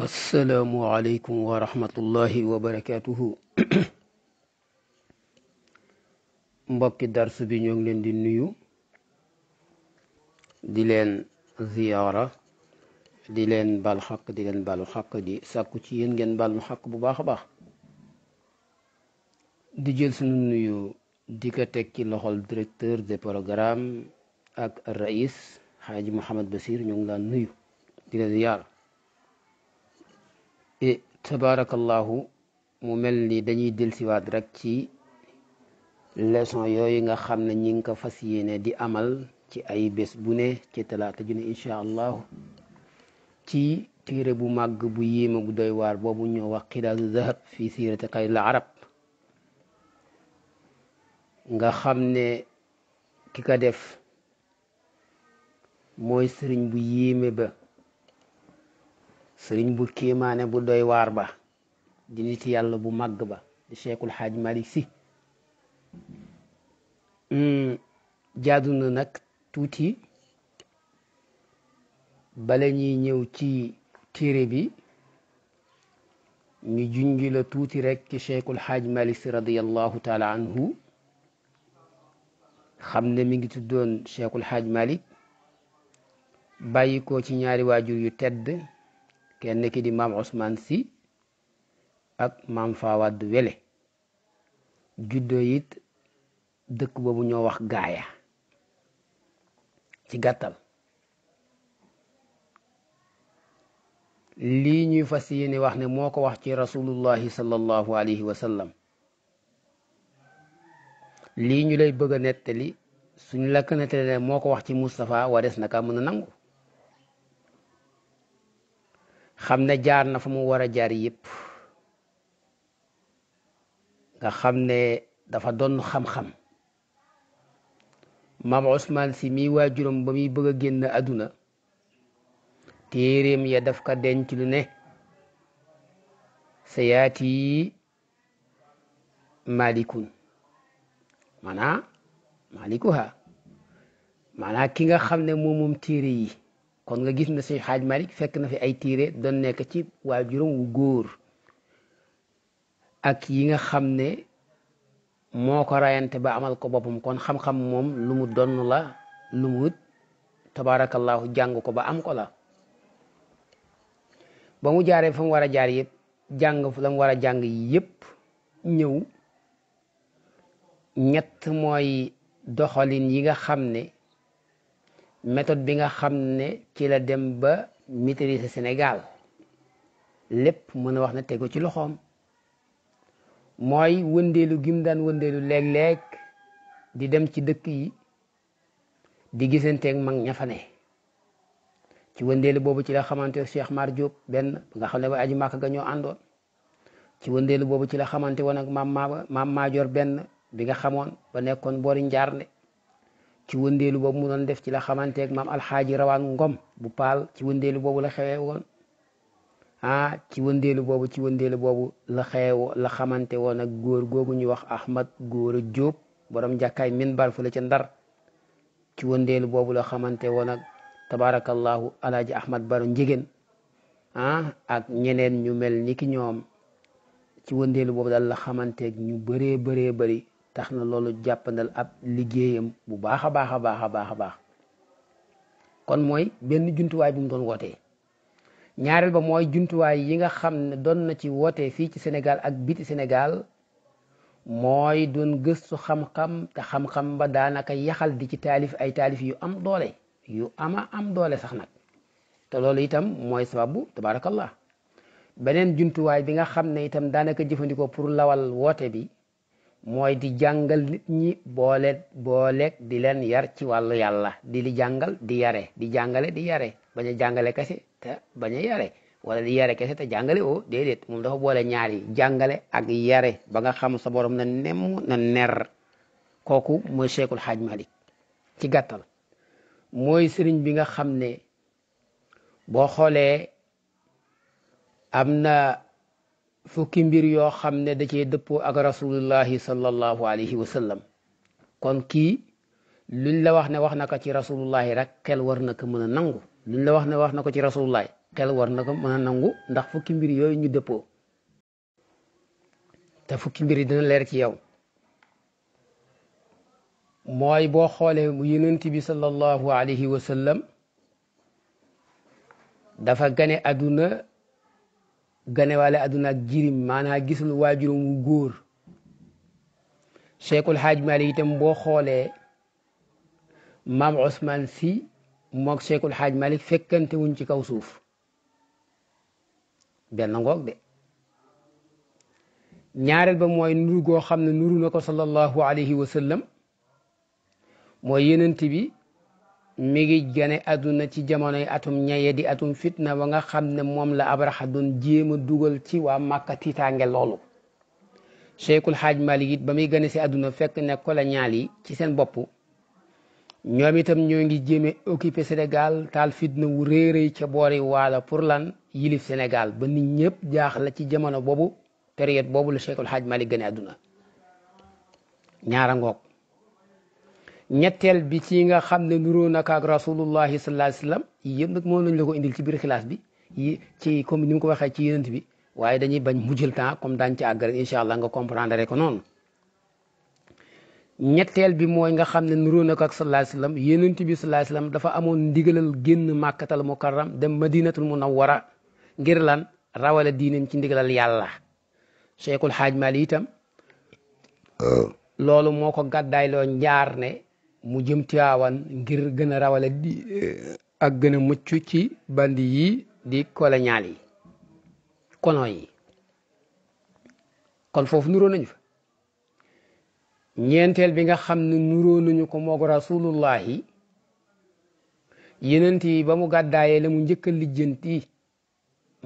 asalaamualeykum wa rahmatullahi wa mbokki darsu bi ñoo ngi leen di nuyu di leen ziyaara di leen bal xaq di leen balu xaq di sàkku ci yéen ngeen bal nu xaq bu baax a baax di jël sunu nuyu di ko teg ci loxol directeur des programmes ak rais xaaji Mohamed Basir ñoo ngi laan nuyu di leen ziyaara tabarakallahu mu mel ni dañuy delsiwaat rek ci leson yooyu nga xam ne ñi ngi ko fas yéene di amal ci ay bés bu ne ci talaata ju ne incha allahu ci téere bu màgg bu yéema bu doy waar boobu ñoo wax xidaasu zahab fi siirati xayril arab nga xam ne ki ka def mooy sëriñ bu yéeme sëriñ bu kéemaane bu doy waar ba di nit yàlla bu màgg ba di Cheikhul Hadj Malick Sy hmm, jaadu na nag tuuti bala ñuy ñëw ci téere bi ñu junj tuuti rekk ci Cheikhul Hadj Malick Sy radiyallahu taala anhu xam ne mi ngi tuddoon Cheikhul Hadj Malick bàyyi ko ci ñaari waajur yu tedd kenn ki di maam Ousmane Sy ak maam Fawad Wele juddoo dëkk boobu ñoo wax gaaya ci gàttal lii ñuy fas yéene wax ne moo ko wax ci rasulullahi sallallahu alayhi wa lii ñu lay bëgg a nettali suñ la ko nettalee moo ko wax ci Moustapha wa des na kaa mën a nangu xam ne jaar na fu mu war a jaar yépp nga xam ne dafa doon xam-xam maam Ousmane si mi waajuram ba muy bëgg a génn àdduna téeréem ya daf ka denc lu ne sayaati malikun maanaa ma maanaa ki nga xam ne moom moom téere yi kon nga gis na si xaaj Malick fekk na fi ay tiire doon nekk ci waajuram wu góor ak yi nga xam ne moo ko rayante ba amal ko boppam kon xam-xam moom lu mu la lu mu tabaarakallaahu jàng ko ba am ko la ba mu jaaree fa mu war a jaar yépp jàng fu la mu war a jàng yëpp ñëw ñett mooy doxalin yi nga xam ne méthode bi nga xam ne ci la dem ba maîtriser Sénégal lépp mën a wax na tegu ci loxoom mooy wëndeelu gim daan wëndeelu léeg-léeg di dem ci dëkk yi di gisanteeg mag ña fa ci wëndeelu boobu ci la xamante Cheikh Mar Diop benn nga xam ne ba aji màkk ga àndoon ci wëndeelu boobu ci la xamante woon ak maam maa maam benn bi nga xamoon ba nekkoon boori njaarnde ci wëndeelu boobu mu doon def ci la xamanteeg maam alxaaji rawaan ngom bu paal ci wëndeelu boobu la xewee woon ah, ci wëndeelu boobu ci wëndeelu boobu la xew la xamante woon ak góor googu ñuy wax ahmad góor a jóob borom jàkkaay min bar fële ca ndar ci wëndeelu boobu la xamante woon ak tabarakallahu alaaji ahmad baro njigéen ah ak ñeneen ñu mel ni ki ñoom ci wëndeelu boobu daal la xamanteeg ñu bëree bëree bëri tax na loolu jàppandal ab liggéeyam bu baax a baax a baax a baax a baax kon mooy benn jumtuwaay bu mu doon woote ñaareel ba mooy jumtuwaay yi nga xam ne doon na ci woote fii ci senegal ak biti Sénégal mooy doon gëstu xam-xam te xam-xam ba daanaka yaxal di ci taalif ay taalif yu am doole yu ama am doole sax nag te loolu itam mooy sababu tabaarakallah beneen jumtuwaay bi nga xam ne itam daanaka jëfandikoo pour lawal woote bi mooy di jàngal nit ñi boole booleeg di leen yar ci wàllu yàlla di li jàngal di yare di jàngale di yare bañ a jàngale kese te bañ a yare wala di yare kese te jàngale oo moom dafa boole ñaar yi jàngale ak yare ba nga xam sa borom na nemm na ner kooku mooy Cheikhul Hadj Malick ci gàttal mooy sëriñ bi nga xam ne boo am na fukki mbir yoo xam ne da ce dëppoo ak rasulullahi sallallahu alayhi wa sallam kon kii luñ la wax ne wax na ko ci rasulullahi rek xel war na ko mën a nangu luñ la wax ne wax na ko ci rasulullahi kel war na ko mën a nangu ndax fukki mbir yooyu ñu dëppoo te fukki mbir yi dina leer ci yow mooy boo xoolee mu yonent bi sallallahu alayhi wa sallam dafa gane àdduna ganewaale àdduna ak jirim maanaa gisul waajuram wu góor Cheikhul Hadj Malick itam boo xoolee maam Ousmane si moog Cheikhul Hadj Malick fekkante wuñ ci kaw suuf benn ngoog de ñaareel ba mooy nuru goo xam ne nuru na ko sallallahu alayhi wa mooy yenent bi mi ngi gane àdduna ci jamonoy atum ñaye di atum fitna ba nga xam ne moom la abraxa doon jéem a dugal ci waa màkka tiitaange loolu Cheikhul Xaaj Malik ba muy gane si àdduna fekk ne colonial yi ci seen bopp ñoom itam ñoo ngi jéeme occupé senegal taal fitna wu réeréy ca boori waala pour lan yilif Sénégal ba nit ñëpp jaax la ci jamono boobu période boobu la Cheikhul Xaaj Malik gane àdduna ñaara ngoog ñetteel bi ci nga xam ne nuroo naka ak rasulullahi sallallahu alayhi wa sallam yëpp la ko indil ci biir xilaas bi yi ci comme ni mu ko waxee ci yonent bi waaye dañuy bañ mu jël temps comme daañu ci àggal incha allah nga comprendre ko noonu ñetteel bi mooy nga xam ne nuroo naka ak sallallahu alayhi wa sallam yonent bi sallallahu alayhi dafa amoon ndigalal génn màkkatal mukarram dem madinatul munawwara ngir lan rawale diinam ci ndigalal yàlla Cheikhul Xaaj Maali itam ah. loolu moo ko gàddaayloo njaar ne mu jëm Tiwaawan ngir gën a rawale eh, ak gën a mucc ci bandi yi di colonial yi colon yi kon foofu nuroo nañu fa ñeenteel bi nga xam ne nuroo nañu ko moog rasulullahi yenent yi ba mu gàddaayee la mu njëkk a lijjanti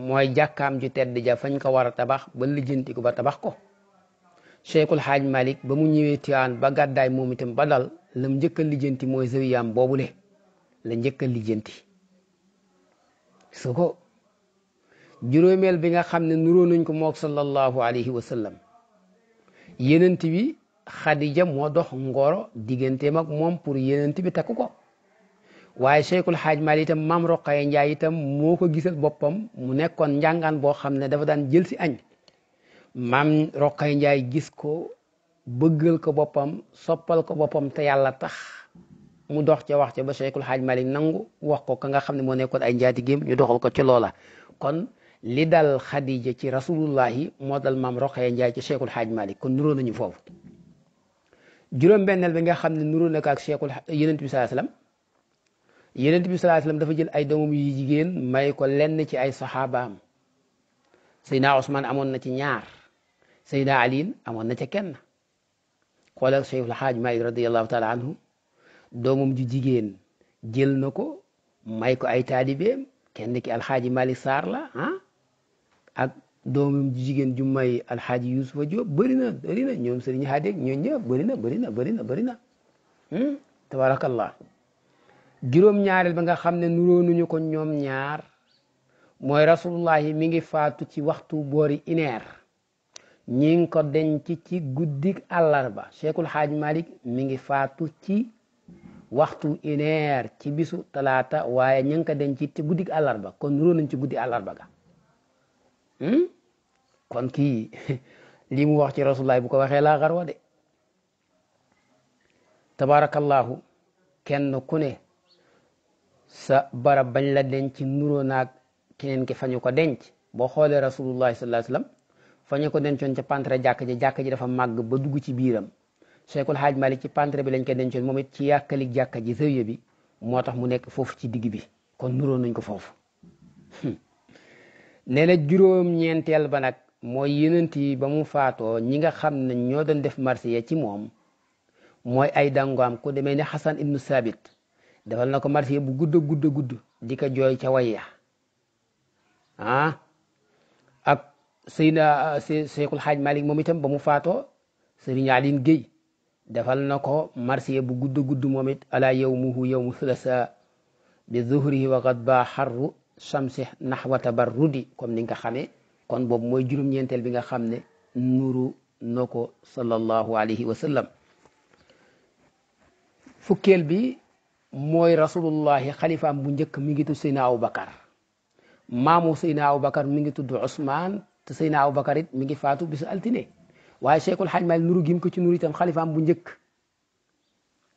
mooy jàkkaam ju tedd ja fañ ko war a tabax ba lijjanti ko ba tabax ko Cheikhul Xaaj Malik ba mu ñëwee Tiwaan ba gàddaay moom itam ba dal la mu njëkk a lijjanti mooy zawiyaam boobule la njëkk a lijjanti su ko juróomeel bi nga xam ne nuroo nañ ko mook sallallahu alayhi wa sallam yenent bi Xadija moo dox ngoro digganteem ak moom pour yenent bi takk ko waaye Cheikhul Xaaj Malik itam maam Roqaye Njaay itam moo ko gisal boppam mu nekkoon njàngaan boo xam ne dafa daan jël si añ maam Roqay Njaay gis ko bëggal ko boppam soppal ko boppam te yàlla tax mu dox ca wax ca ba Cheikhul Hadj Malick nangu wax ko ka nga xam ne moo nekkoon ay njaatigéem ñu doxal ko ci loola kon li dal Khadija ci rasulullahi moo dal maam Roqay Njaay ci Cheikhul Hadj Malick kon nuroo nañu foofu juróom-benneel bi nga xam ne nuroo na ko ak Cheikhul Yonent bi sallallahu alayhi wasallam yonent bi sallallahu dafa jël ay doomam yu jigéen may ko lenn ci ay saxaabaam Seydina Ousmane amoon na ci ñaar Seyda Aliin amoon na ca kenn xoolal Cheikh El Hadj Maalik radiyallahu taala anhu doomam ju jigéen jël na ko may ko ay taalibeem kenn ki alxaaji Malick Sarr la ah ak doomam jigéen ju may alxaaji Yuusufa Jóob bëri na bëri na ñoom sëriñ Xaadeeg ñoo ñëpp bëri na bëri na bëri na na tabarakallah juróom ba nga xam ne nuróonuñu ko ñoom ñaar mooy rasulullahi mi ngi faatu ci waxtu boori ineer ñi ngi ko denc ci guddik àllarba Cheikhul Xaaj Malik mi ngi faatu ci waxtu une ci bisu talaata waaye ñi ngi ko denc ci guddik àllarba ko nuroo nañ ci guddi àllarba ga hmm? kon ki lii mu wax ci rasulullahi bu ko waxee laa xarwa de tabarakallahu kenn ku ne sa barab bañ la denc nuroo naag keneen ki fañu ko denc boo xoolee rasulullahi sallallahu alayhi fa ko dencoon ca pantre jàkk ji jàkk ji dafa màgg ba dugg ci biiram Cheikhul Hadj Malick ci pantre bi lañ ko dencoon moom it ci yàkkalik jàkk ji zawiya bi moo tax mu nekk foofu ci digg bi kon nuróo nañ ko foofu hmm. nee na juróom-ñeenteel ba nag mooy yenent yi ba mu faatoo ñi nga xam ne ñoo doon def marsiya ci moom mooy ay dangoam ku demee ne Xasan ibnu Sabit defal na ko marsiya bu gudd gudd gudd di ko jooy ca waya Seyna Seyxul Xaaj Malik moom itam ba mu faatoo Sëriñ Aline Guèye defal na ko marsiya bu gudd gudd moom yow ala yawmuhu yawmu thulasa bi zuhrihi wa ba xarru shamsi nahwa tabarrudi comme ni nga xamee kon boobu mooy juróom-ñeenteel bi nga xam ne nuru na ko sallallahu alayhi fukkeel bi mooy rasulullahi xalifaam bu njëkk mi ngi tudd Seyna Abubakar maamu Seyna Abubakar mi ngi tudd te Seydina Aboubacar it mi ngi faatu bisu altine waaye Cheikhul Hadj nuru gim ko ci nuru itam xalifaam bu njëkk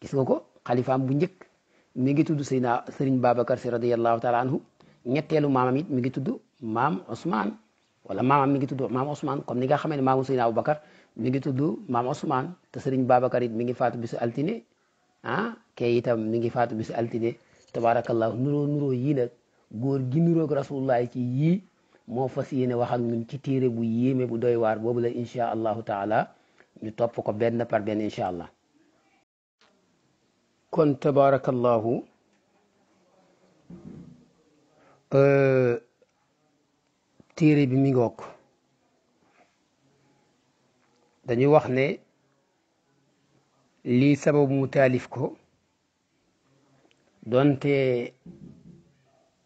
gis nga ko xalifaam bu njëkk mu ngi tudd Seydina Serigne Babacar si radiyallahu taala anhu ñetteelu maamam it mi ngi tudd maam Ousmane wala maamam mi ngi tudd maam Ousmane comme ni nga xamee ne maamu Seydina Aboubacar mi ngi tudd maam Ousmane te Serigne Babacar it mi ngi faatu bisu altine ah kee itam mi ngi faatu bisu altine tabaarakallahu gi nuroog rasulullahi ci yii moo fas yéene wax ak ñun ci téere bu yéeme bu doy waar boobu la incha allahu taala ñu topp ko benn par benn incha allah kon tabaarakallahu euh, téere bi mi ngoog dañuy wax ne lii sababu mu taalif ko donte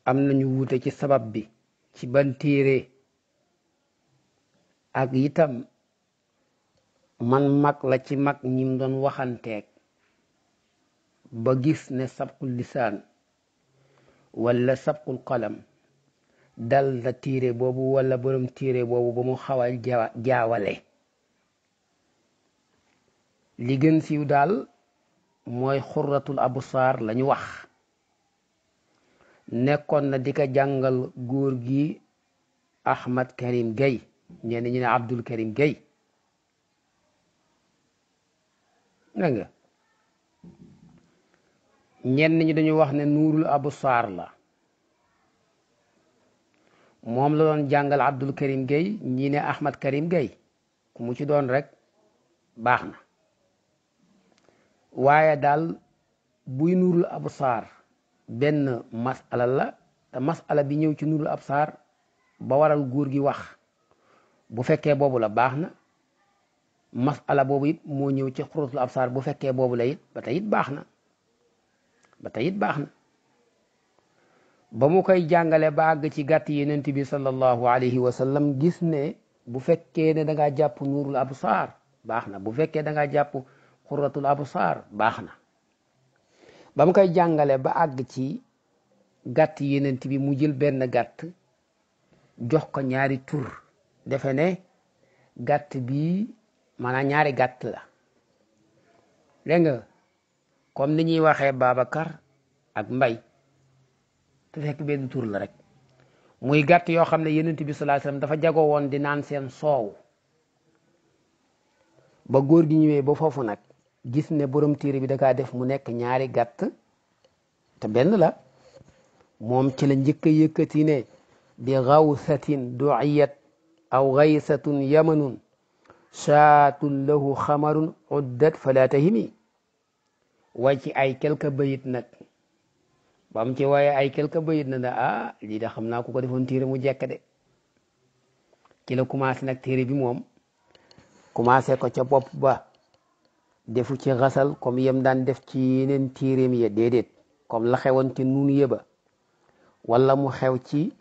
am nañu wuute ci sabab bi ci ban téere ak itam man mag la ci mag ñim doon waxanteek ba gis ne sabqul lisaan wala sabqul qalam dal na téere boobu wala borom téere boobu ba mu xaw a jaawale li siiw daal mooy xurratul absaar lañu wax nekkoon na di ko jàngal góor gi Ahmad Karim Gueye ñenn ñi ne Abdul Karim Gueye dégg nga ñenn ñi dañu wax ne nuurul absaar la moom la doon jàngal Abdul Karim Gueye ñi ne Ahmad Karim Gueye ku mu ci doon rek baax na waaye daal buy nuurul absaar benn masala la te masala bi ñëw ci nurul absaar ba waral góor gi wax bu fekkee boobu la baax na masala boobu it moo ñëw ci xurutul absaar bu fekkee boobu la it ba tey it baax na ba tey it baax na ba mu koy jàngale ba àgg ci gàtt yenent bi sallallahu alayhi wa sallam gis ne bu fekkee ne da ngaa jàpp nuurul absaar baax na bu fekkee da jàpp xuratul absaar baax na ba mu koy jàngale ba àgg ci gàtt yenent bi mu jël benn gàtt jox ko ñaari tur defe ne gàtt bi maanaam ñaari gàtt la dégg nga comme ni ñuy waxee Babacar ak Mbay te fekk benn tur la rek muy gàtt yoo xam ne yenent bi sallallahu alayhi dafa jago woon di naan seen soow ba góor gi ñëwee ba foofu nag gis ne borom téere bi da def mu nekk ñaari gàtt te benn la moom ci la njëkk a ne bi gawsatin duiyat aw gaysatun yamanun shaatun lahu xamarun uddat fala tahimi way ci ay quelque bayit nag ba mu ci waaye ay quelque bayit na da ah lii da xam naa ku ko defoon téere mu jekk de ci la commencé nag téere bi moom commencé ko ca bopp ba defu ci xasal comme yem daan def ci yeneen tiireem ya déedéet comme la xewoon ci nun yëba walla mu xew ci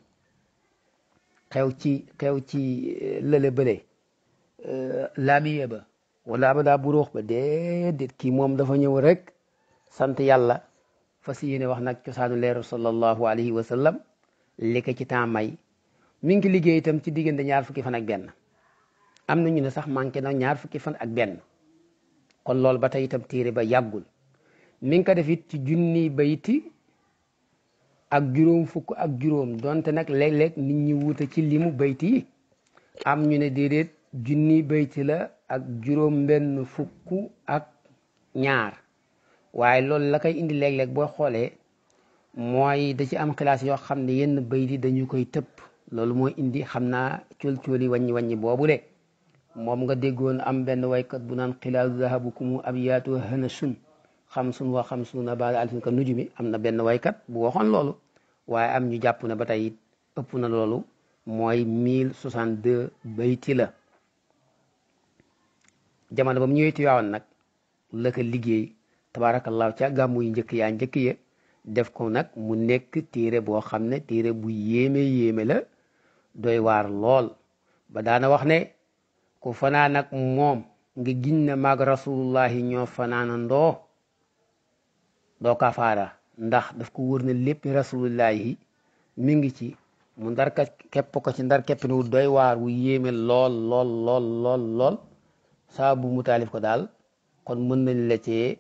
xew ci xew ci euh, lële bële euh, laami yëba wala abada buruux ba déedéet kii moom dafa ñëw rek sant yàlla fas yéene wax nag cosaanu leeru sallallahu alayhi wa sallam li ko ci temps may mi ngi liggéey itam ci diggante ñaar fukki fan ak benn am na ñu ne sax manqué na ñaar fukki fan ak benn kon loolu ba tey itam téere ba yàggul mi ngi ko def it ci junni bayti ak juróom fukk ak juróom donte nag léeg-léeg nit ñi wuute ci limu bayti yi am ñu ne déedéet junni bayti la ak juróom benn fukk ak ñaar waaye loolu la koy indi léeg-léeg boo xoolee mooy da ci am xilaas yoo xam ne yenn bayti dañu koy tëpp loolu mooy indi xam naa cóol-cóoli wàññi wàññi boobu de moom nga déggoon am benn waykat bu naan xilaalu zahabukumu abyaatu hanasun xamsun wa xamsuna baada alfin ka nujumi am na benn waykat bu waxoon loolu waaye am ñu jàpp ne ba tey ëpp na loolu mooy mille soixante deux bayti la jamono ba mu ñëwee Tiwaawan nag la ko liggéey tabaarakallaahu ca gàmmu yu njëkk yaa njëkk ya def ko nag mu nekk téere boo xam ne téere bu yéeme yéeme la doy waar lool ba daana wax ne ku fanaan moom nga giñ na maag rasulullahi ñoo fanaana ndoo doo kafaara ndax daf ko wër na lépp rasulullahi mi ngi ci mu ndar ka képp ko ci ndar képp wu doy waar wu yéeme lool lool lool lool lool mu taalif ko daal kon mën nañ la cee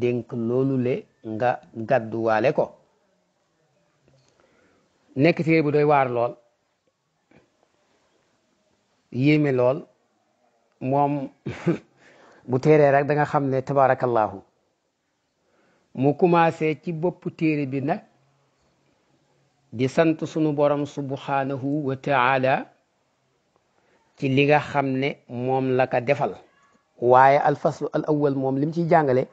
dénk loolu le nga gàdduwaale ko nekk téere bu doy waar lool yéeme lool moom bu téeree rek da nga xam ne tabaarakallaahu mu commencé ci bopp téere bi nag di sant sunu borom subhanahu wa taala ci li nga xam ne moom la ko defal waaye alfaslu al moom lim ciy jàngale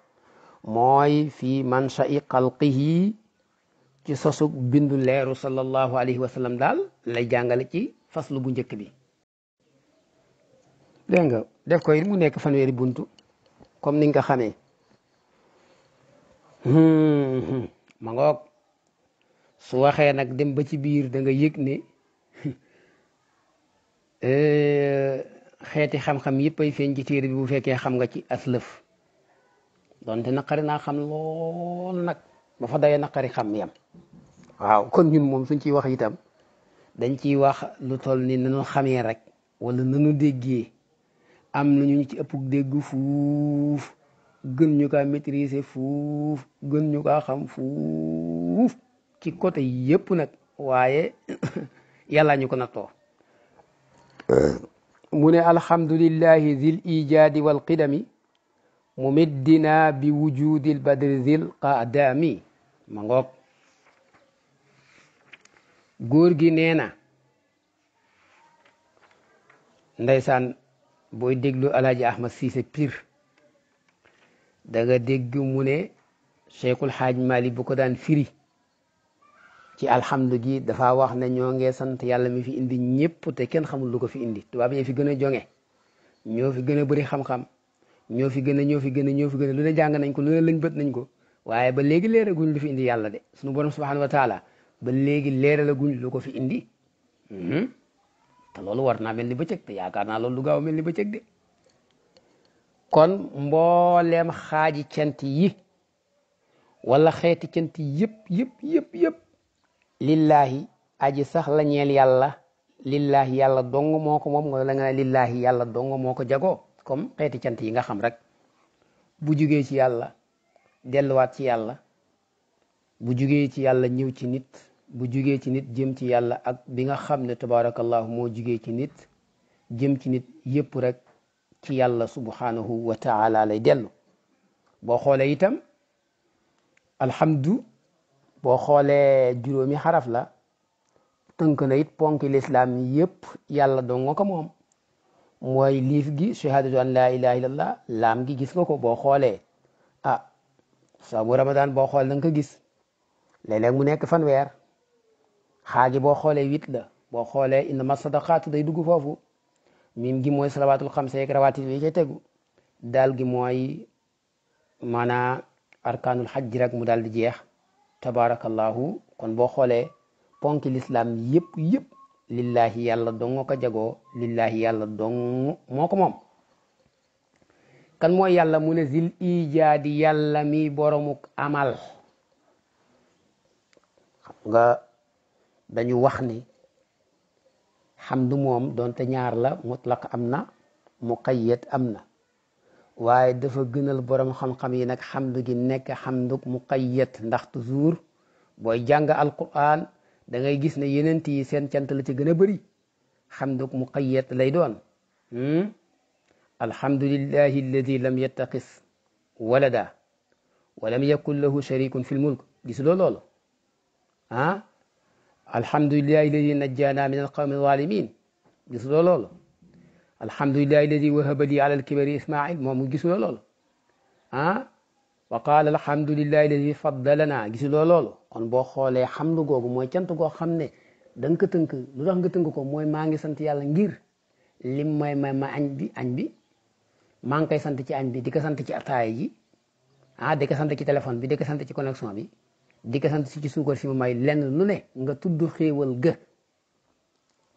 mooy fii manshai xalqihi ci sosu bindu leeru sallallahu alayhi wa daal lay jàngale ci faslu bu njëkk bi dégg nga def ko it mu nekk fan fanweeri buntu comme ni nga ko xamee hmm, ma ngoog su waxee nag dem ba ci biir danga nga yëg ne eh, xeeti xam-xam yëpp ay feeñ ci téere bi bu fekkee xam nga ci aslëf donte naqari naa xam lool nag ba fa dayee naqari xam yam waaw kon ñun moom suñ ciy wax itam dañ ciy wax lu tol ni nanu xamee rek wala nanu déggee am nañu ñu ci ëpp dégg fuuf gën ñu kaa maîtriser fuuf gën ñu kaa xam fuuf ci côté yëpp nag waaye yàlla ñu na nattoo eh. mu ne alhamdulillahi zil ijaadi wal qidami mu middinaa bi wujudil badri zil qaadami ma ngoog góor gi nee na booy déglu alaaji ahmad siise pir da nga dégg mu ne cheikhul xaaj mali bu ko daan firi ci alhamdu gi dafa wax ne ñoo ngee sant yàlla mi fi indi ñëpp te kenn xamul lu ko fi indi tubaab yi fi gën a jonge ñoo fi gën a bari xam-xam ñoo fi gën a ñoo fi gën a ñoo fi gën lu ne jàng nañ ko lu ne lañ bët nañ ko waaye ba léegi leeraguñ lu fi indi yàlla de sunu borom subhanahu wa taala ba léegi leeralaguñ lu ko fi indi hmm? te loolu war naa mel ni bëccëg te yaakaar naa loolu lu gaaw mel ni bëccëg de kon mbooleem xaaji cant yi wala xeeti cant yëpp yëpp yëpp yëpp lillaahi aji sax la ñeel yàlla lillaahi yàlla dong moo ko moom nga la nga ne lillaahi yàlla dong moo ko jagoo comme xeeti cant yi nga xam rek bu jugee ci yàlla delluwaat ci yàlla bu jugee ci yàlla ñëw ci nit bu jugee ci nit jëm ci yàlla ak bi nga xam ne tabaarakallahu moo jugee ci nit jëm ci nit yépp rek ci yàlla subhanahu wa taala lay dellu boo xoolee itam alhamdu boo xoolee juróomi xaraf la tënk na it ponki lislam yi yépp yàlla dong nga moom mooy liif gi shahadatu an laa ilaha illallah laam gi gis nga ko boo xoolee ah saabu ramadan boo xool da ko gis léeg mu nekk fanweer xaaji boo xoolee huit la boo xoolee innama sadaqaatu day dugg foofu miim gi mooy salawaatul xamsa yeeg rawaati yi ca tegu daal gi mooy maanaa arkaanul xajj rek mu daal di jeex tabaarakallahu kon boo xoolee ponki lislaam yëpp yëpp lillahi yàlla dong ko jagoo lillahi yàlla dong moo ko moom kan mooy yàlla mu ne zil ijaadi yàlla mi boromuk amal dañu wax ni xamdu moom doonte ñaar la mutlaq am na muqayyad am na waaye dafa gënal borom xam-xam yi nag xamdu gi nekk xamdu muqayyad ndax toujours booy jàng alquran da ngay gis ne yenent yi seen cant la ci gën a bëri xamdu muqayyad lay doon hmm? alhamdulillahi alladi lam yattaqis da walam yakun lahu sharikun fi lmulk gis loo loolu ah? alhamdulillahi alladi najjana min alqawmi zalimin gis loo loolu alhamdulillahi alladi wahaba li ala alkibari ismail moomu gis loo loolu ah wa qaala alhamdulillahi alladi faddalana gis loo loolu kon boo xoolee xamdu googu mooy cant goo xam ne dan nga tënk lu tax nga ko mooy maa ngi sant yàlla ngir lim may ma añ bi añ bi maa ngi koy sant ci añ bi di ko sant ci ataaya ji ah di ko sant ci téléphone bi di ko sant ci connexion bi di ko sant si ci suukar si ma may lenn lu ne nga tudd xéewal ga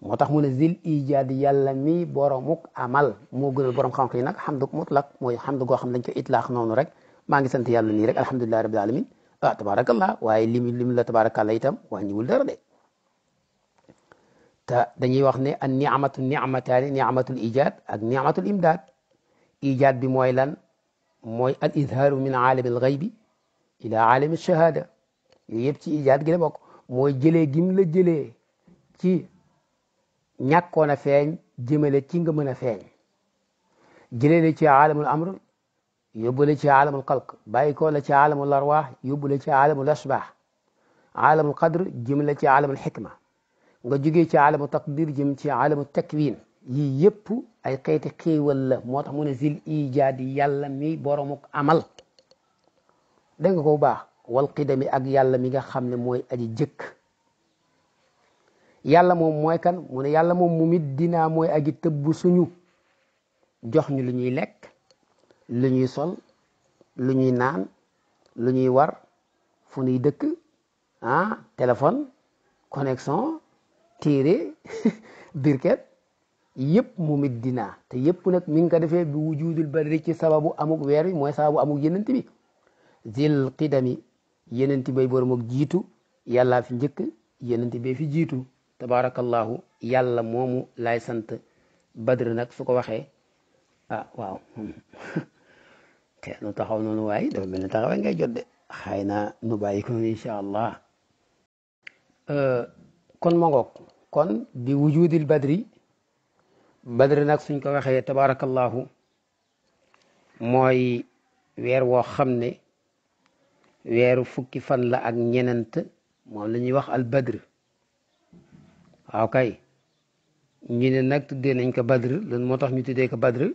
moo tax mu ne zil ijaad yàlla mi boromuk amal moo gënal borom xam-xam yi nag xamdu mutlak mooy xamdu goo xam dañ ko itlaax noonu rek maa ngi sant yàlla nii rek alhamdulilahi rabbil alamin ah tabaarakallah waaye limi lim la tabaarakallah itam wàññiwul dara de te dañuy wax ne an niamatu niamataani niamatul ijaad ak niamatul imdaad ijaad bi mooy lan mooy al izhaaru min al ghaybi ila aalami al shahaada yooyu yëpp ci ijaat gi la bokk mooy jëlee gim la jëlee ci ñàkkoon a feeñ jëmale ci nga mën a feeñ jëlee la ci aalamul amr yóbbu la ci aalamul xalq bàyyi ko la ci aalamul arwaax yóbbu la ci aalamul asbaax aalamul qadr jëm la ci aalamul xikma nga jógee ci aalamul taqdir jëm ci aalamul takwin yii yëpp ay xeeti xéewal la moo tax mu ne zil ijaadi yàlla mi boromuk amal dégg nga ko bu baax wal qidami ak yàlla mi nga xam ne mooy aji jëkk yàlla moom mooy kan mu ne yàlla moom mu mit dinaa mooy aji tëbb suñu jox ñu lu ñuy lekk lu ñuy sol lu ñuy naan lu ñuy war fu dëkk ah téléphone connexion téere birket yëpp mu mit dinaa te yëpp nag mi ngi ko defee bi wujudul barri ci sababu amuk weer wi mooy sababu amuk yenant bi zil qidami yenent bay borom ak jiitu yàllaa fi njëkk yenent bee fi jiitu tabaarakallaahu yàlla moomu laay sant badr nag su ko waxee ah waaw xeenu taxaw noonu waaye dafa mel ne taxawee ngay jot de xëy na nu bàyyi ko noonu allah euh, kon ma kon bi wujudil badri badr nag suñ ko waxee tabaarakallaahu mooy weer woo xam ne weeru fukki fan la ak ñenent moom la ñuy wax albadr waaw kay ñu ne nag tuddee nañ ko badr lan moo tax ñu tuddee ko badr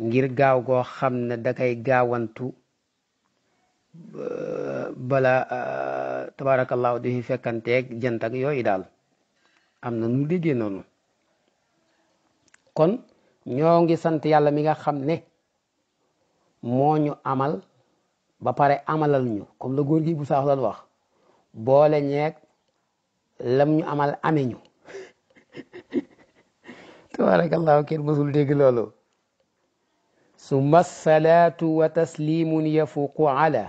ngir gaaw goo xam ne da kay gaawantu euh, bala euh, tabaarakallaahu di fi fekkanteeg jant ak yooyu daal am na nu déggee noonu kon ñoo ngi sant yàlla mi nga xam ne moo ñu amal ba pare amalal ñu comme la góor gi bu saax doon wax boole ñeeg lam ñu amal ame ñu tabarakallahu kenn mësul dégg loolu summa salaatu wa taslimun yafuqu ala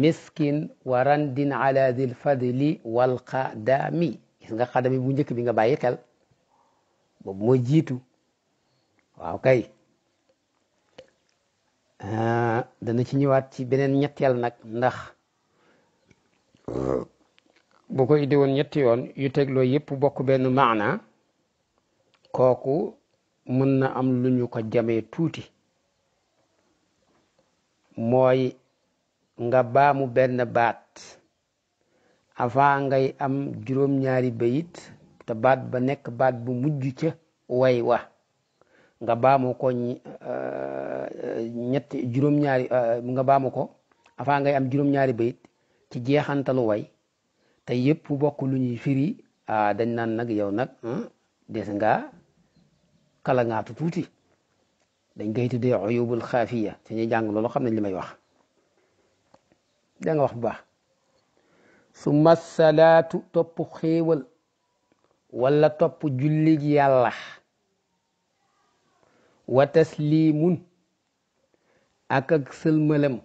miskin wa randin ala dil fadli wal qadami gis nga xadami bu njëkk bi nga bàyyi xel boobu moo jiitu waaw kay Euh, dana ci ñëwaat ci beneen ñetteel nag ndax bu ko indi woon ñetti yoon yu tegloo yëpp bokk benn maana kooku mën na am lu ñu ko jamee tuuti mooy nga baamu benn baat avant ngay am juróom-ñaari bayit te baat ba nekk baat bu mujj ca way wa nga baamu ko euh, ñetti juróom-ñaari euh, nga baamu ko avant ngay am juróom-ñaari bayit ci jeexantalu way te yépp bokk lu ñuy firi ah dañ naan nag yow nag hmm, des nga kalangaatu tuuti dañ koy tuddee uyubul xaafiya su ñuy jàng loolu xam nañ li may wax da nga wax bu baax su masalaatu topp xéewal wala topp jullig yàlla wa taslimun ak ak sëlmalam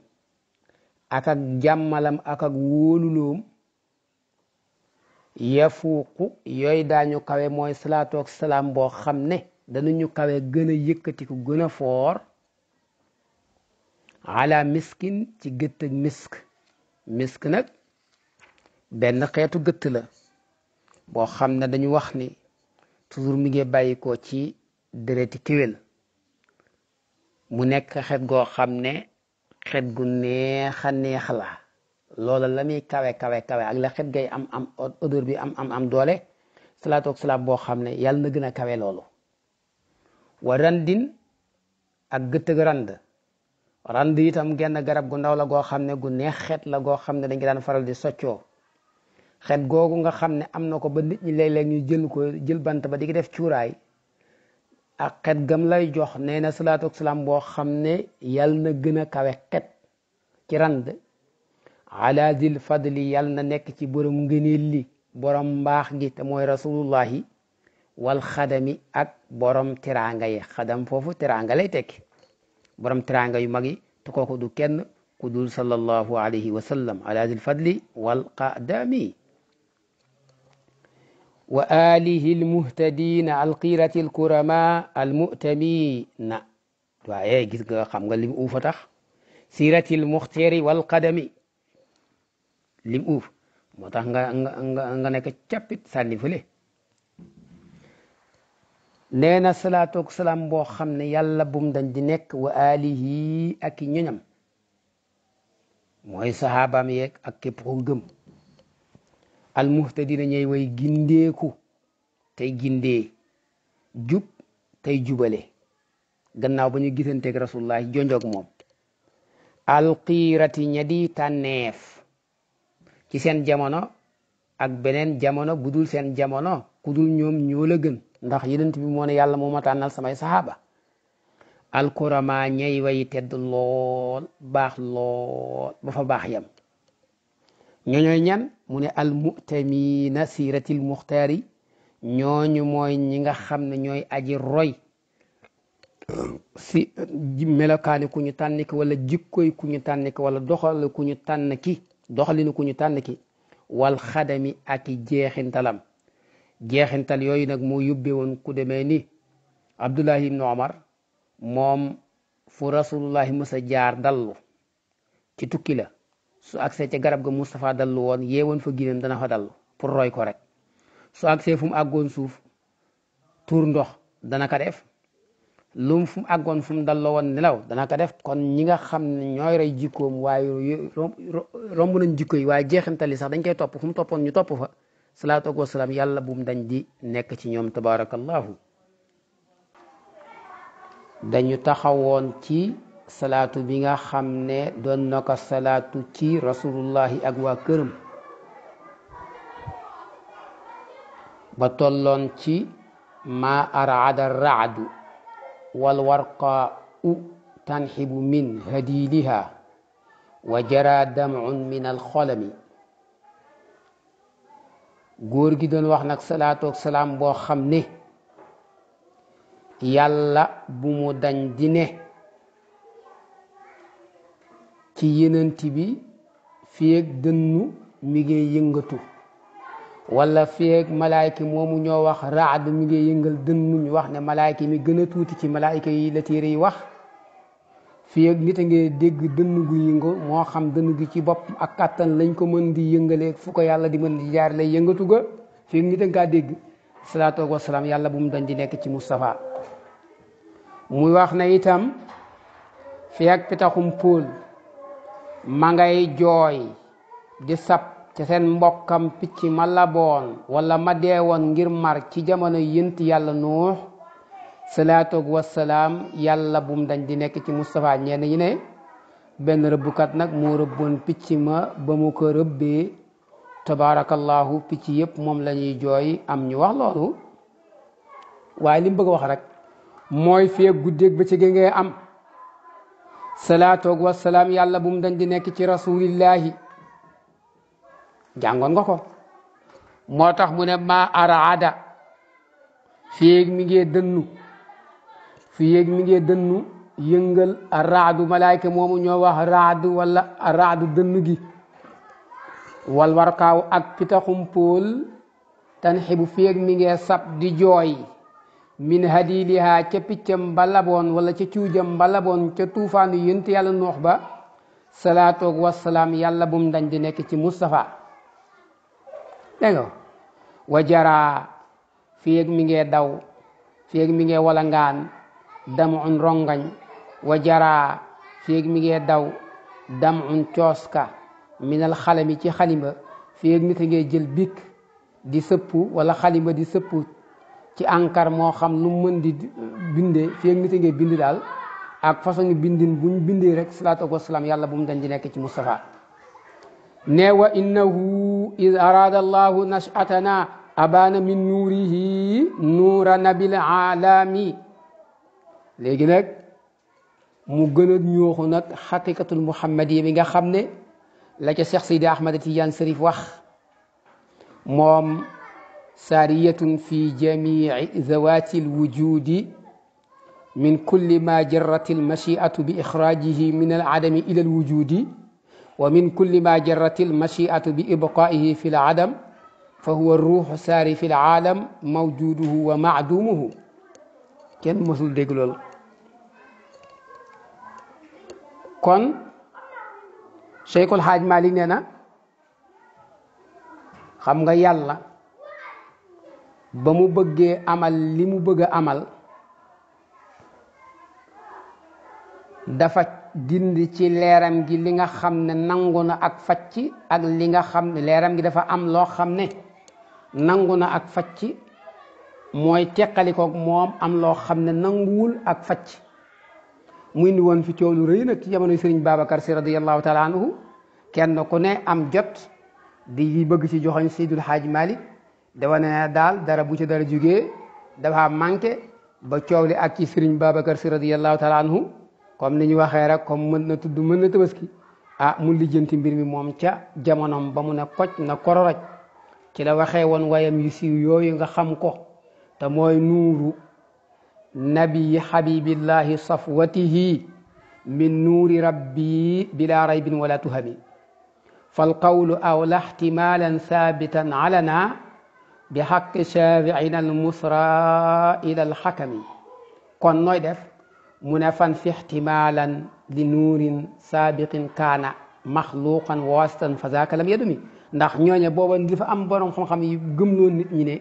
ak ak jàmmalam ak ak wóoluloom daañu kawe mooy salaatu ak salaam boo xam ne danañu kawe gën a yëkkatiku gën a foor ala miskin ci gëtt ak misk misk nag benn xeetu gëtt la boo xam ne dañu wax ni toujours mi ngi bàyyikoo ci dereti kéwél mu nekk xet goo xam ne xet gu neex a neex la loola la muy kawe kawe kawe ak la xet gay am am odeur bi am am am doole salaatu ak salaam boo xam ne yàlla na gën a kawe loolu wa randin ak gëttëg rand rand itam genn garab gu ndaw la goo xam ne gu neex xet la goo xam ne dañ ko daan faral di soccoo xet googu nga xam ne am na ko ba nit ñi léeg-léeg ñu jël ko jël ba di ko def cuuraay ak xet gam lay jox nee na salaatu ak salaam boo xam ne yal na gën a kawe xet ci rand ala dil yal na nekk ci borom ngëneel li borom mbaax gi te mooy rasulullahi wal xadami ak borom teraanga yi xadam foofu teraanga lay tekki borom teraanga yu mag yi te kooku du kenn ku dul sallallahu alayhi wa sallam ala dil fadli wal wa alihi almuhtadina alqirati alkurama almutamina waaye gis nga xam nga lim uufa tax sirati almuxtari walqadami lim uuf moo tax nga nga nga nekk cappit sànni fële nee na salaatu ak salaam boo xam ne yàlla bum dañ di nekk wa alihi ak i mooy sahabaam yeeg ak képp gëm almuhtadina ñay way gindeeku tey gindee jub tey jubale gannaaw ba ñu gisanteeg rasulullahi jonjog moom alxiirati ña di tànneef ci seen jamono ak beneen jamono bu dul seen jamono ku dul ñoom ñoo la gën ndax yonent bi moo ne yàlla moo ma tànnal samay saxaaba alkurama ñay way tedd lool baax lool ba fa baax yam ñooñooy ñan mu ne al mutamina siratil muxtaari ñooñu mooy ñi nga xam ne ñooy aji roy si melokaani ku ñu tànn ki wala jikkoy ku ñu tànn ki wala doxal ku ñu ki doxalinu ku ñu tànn ki wal xadami ak jeexintalam jeexintal yooyu nag moo yóbbe woon ku demee ni Abdullahi ibnu Omar moom fu rasulullahi mësa jaar dallu ci tukki la su agsee ci garab ga Moustapha dallu woon yeewoon fa gineem dana fa dallu pour roy ko rek su agsee fu mu àggoon suuf tuur ndox dana ko def lum fu mu àggoon fu mu woon nelaw dana ko def kon ñi nga xam ne ñooy rey jikkoom waaye romb nañ jikko yi waaye jeexintal yi sax dañ koy topp fu mu toppoon ñu topp fa salaatu wa salaam yàlla bu mu dañ di nekk ci ñoom tabaarakallahu dañu taxawoon ci salaatu bi nga xam ne doon na salaatu ci rasulullahi ak waa ba tolloon ci ma araada raadu wal warqaau tanxibu min hadidiha wa jara damcun min alxolami góor gi doon wax nag salaatu salaam boo xam ne yàlla bu mu dañ ci yenent bi feeg dënnu mi ngi yëngatu wala feeg malaayka moomu ñoo wax raad mi ngi yëngal dënnu ñu wax ne malaayka mi gën a tuuti ci malaayka yi la téere yi wax feeg nit a ngi dégg dënn gu yëngu moo xam dënn gi ci bopp ak kàttan lañ ko mën di yëngalee fu ko yàlla di mën di jaar lay yëngatu ga feeg nit a ngaa dégg salaatu wasalaam yàlla bu mu dañ di nekk ci Moustapha muy wax na itam feeg pitaxum póol ma ngay jooy di sab ca seen mbokkam picc ma laboon wala ma deewoon ngir mar ci jamono yënt yàlla nuux salaatoog wasalaam yàlla bum dañ di nekk ci Moustapha ñenn ñi ne benn rëbbukat nag moo rëbboon picc ma ba mu ko rëbbee tabaarakallahu picc yëpp moom lañuy jooy am ñu wax loolu waaye li mu bëgg wax rek mooy fee guddeeg ba ci gé am salaatoog wasalaam yàlla bu mu dañ di nekk ci rasulillahi jàngoon nga ko moo tax mu ne ma araada fi yéeg mi ngee dënnu fi yéeg mi ngee dënnu yëngal araadu malaayka moomu ñoo wax raadu wala araadu dënnu gi wal warkaaw ak pitaxum póol tan xibu fi yéeg mi ngee sab di jooy min hadiliha ca piccam ba laboon wala ca cuujam ba laboon ca tuufaanu yént yàlla noox ba salaatoog wasalaam yàlla bum dañ di nekk ci Moustapha dégg nga wa jaraa fieg mi ngee daw fieg mi ngee walangaan dam un rongañ wa jaraa fieg mi ngee daw dam un cooska minal xalami ci xalimba fieg nit a ngee jël bik di sëpp walla xalimba di sëppu ci ANCAR moo xam nu mën di bindee fii ak nit a ngi bind daal ak façon bindin buñ bindee rek salaatu wa salaam yàlla bu mu dañ di nekk ci Moustapha ne wa innahu id arada allahu nashatana abana min nuurihi nuura nabil alami léegi nag mu gën a ñooxu nag xaqiqatul muhammadiya bi nga xam ne la ca Cheikh Sidi Ahmad Tidiane Serif wax moom saariyatun fi jamici zawati lwujudi min kulli ma jarat almachiatu bi ixrajihi min aladami ila alwujudi wa min kulli ma jarat almachiatu bi ibqaihi fi aladam fa huwa ruuxu saari fi alaalam mawjuduhu wa maadumuhu kenn mësul dégg loolu kon Cheikhul Xaaj Maalik nee na xam nga yàlla ba mu bëggee amal li mu bëgg a amal dafa dindi ci leeram gi li nga xam ne nangu na ak facc ak li nga xam ne leeram gi dafa am loo xam ne nangu na ak facc mooy teqalikook moom am loo xam ne nanguwul ak facc mu indi woon fi coow lu rëy nag ci jamono sëriñ Babacar si radiyallahu taala kenn ku ne am jot di bëgg ci joxoñ Seydul Xaaj Malik dafa ne daal dara bu ci dara jugee dafa manqué ba coow li ak ci Serigne Babacar si radiyallahu taala anhu comme ni ñu waxee rek comme mën na tudd mën na tabaski ah mu lijjanti mbir mi moom ca jamonoom ba mu ne koc na kororoj ci la waxee woon wayam yu siiw yooyu nga xam ko te mooy nuuru nabi habibillahi safwatihi min nuuri rabbi bila raybin wala tuhami fal qawlu aw la ihtimalan sabitan alana bi xaq shaafiina al musra ila al xakami nooy def mu ne fan fi ixtimaalan li nuurin saabiqin kaana maxluqan waasitan fa zaaka lam yadumi ndax ñooñe booba dafa am borom xam-xam yi gëmloon nit ñi ne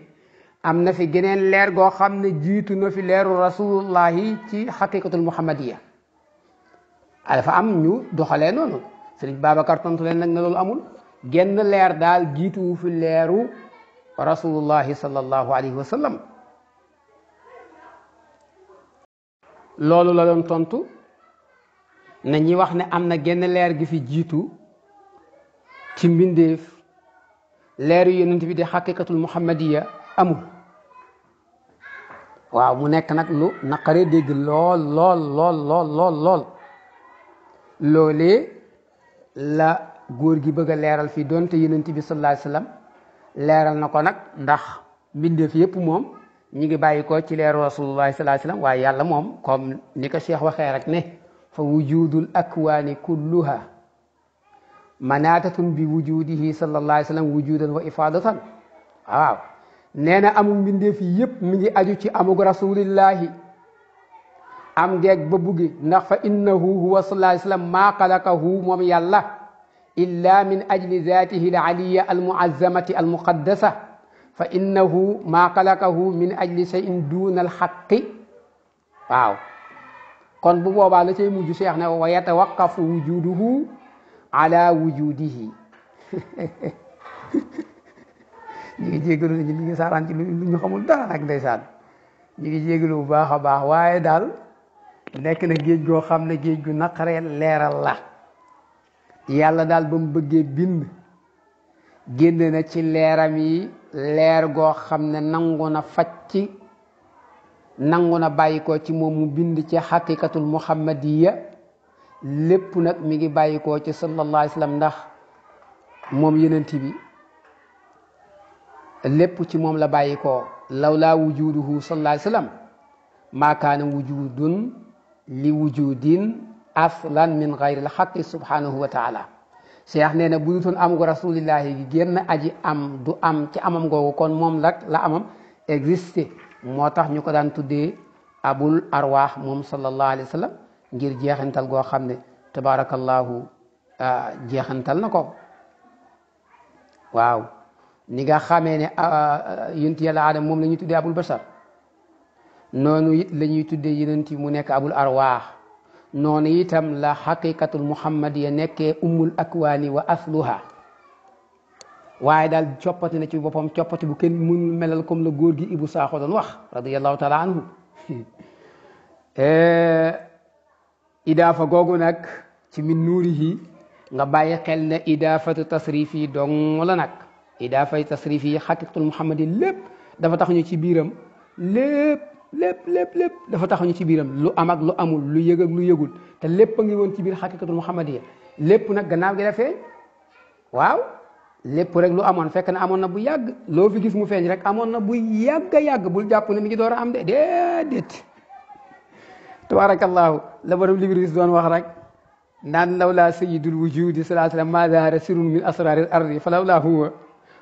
am na fi geneen leer goo xam ne jiitu na fi leeru rasulullahi ci xaqiqatul muhammadiya dafa am ñu doxalee noonu sëriñ Babacar tontu leen nag ne loolu amul genn leer daal jiitu fi leeru wa rasulullahi sallallahu alayhi wa loolu la doon tontu na ñi wax ne am na genn leer gi fi jiitu ci mbindeef leer yu yonent bi di xaqiqatul muhammadiya amul waaw mu nekk nag lu naqaree dégg lool lool lool lool lool lool la góor gi bëgg leeral fii doonte yonent bi sallallahu alayhi leeral na ko nag ndax mbindeef yépp moom ñi ngi bàyyi ko ci leeru rasulullahi sallallahu alayhi wasallam waaye yàlla moom comme ni ko cheikh waxee rek ne fa wujudul akwaani kulluha tum bi wujudihi sallallahu alayhi wasallam wujudan wa ifadatan waaw nee na amu mbindeef yépp mi ngi aju ci amug rasulillahi am geeg ba buggi ndax fa innahu huwa sallallahu alayhi wasallam maa xalaqahu moom yàlla illa min ajli zatihi l aliya almuazzamati almuqaddasa fa innahu maa xalaqahu min ajli cheyin duna alxaqi waaw kon bu boobaa la cay mujj seex ne wa yatawaqafu wujuduhu ala wujudihi ñu ngi jégalu ñu ngi saaraan ci lu ñu ngi jégalu bu baax a baax waaye daal nekk na géej goo xam ne géej gu naqaree leeral la yàlla daal ba mu bëggee bind génne na ci leeram yi leer goo xam ne nangu na facc nangu na bàyyi ko ci moom mu bind ci xaqiqatul muhammadiya lépp nag mi ngi bàyyi ko ci sallallahu alayhi ndax moom yenent bi lépp ci moom la bàyyi ko lawlaa wujuduhu sallallahu alayhi wa sallam maakaana wujudun li wujudin aslan min gayril xaqi subhanahu wa taala cheikh nee na bu am gu rasulillahi gi aji am du am ci amam googu kon moom la la amam existé moo tax ñu ko daan tuddee abul arwaax moom sallallahu alayhi wa ngir jeexantal goo xam ne tabarakallahu ah, jeexantal na ko waaw ni nga xamee ne ah, yonti yàlla aadama moom la ñuy tuddee abul bashar noonu it la ñuy tuddee yeneen ti mu nekk abul arwaax noonu itam la xaqiqatul ye nekkee ummul akwaani wa asluha waaye daal coppati na ci boppam coppati bu kenn mënul melal comme la góor gi Ibou Sakho doon wax radiyallahu taala anhu eh, idaafa googu nag ci min nuurihi nga bàyyi xel ne idaafatu tasrif yi dong la nag idaafay tasrif yi xaqiqatul muhammadiya lépp dafa tax ñu ci biiram lépp lépp lépp dafa taxaw ci biiram lu am lu amul lu yëg ak lu yëgul te lépp a ngi woon ci biir xaqiqatul muhammadiya lépp nag gannaaw gi dafee waaw lépp rek lu amoon fekke na amoon na bu yàgg loo mu feeñ rek amoon na bu yàgg yàgg bul jàpp ne mi ngi door a am de déedéet tabaarakallaahu la borom libris doon wax rek naan laa sayidul wujudi salaa sallam maa zahara sirrun min laa huwa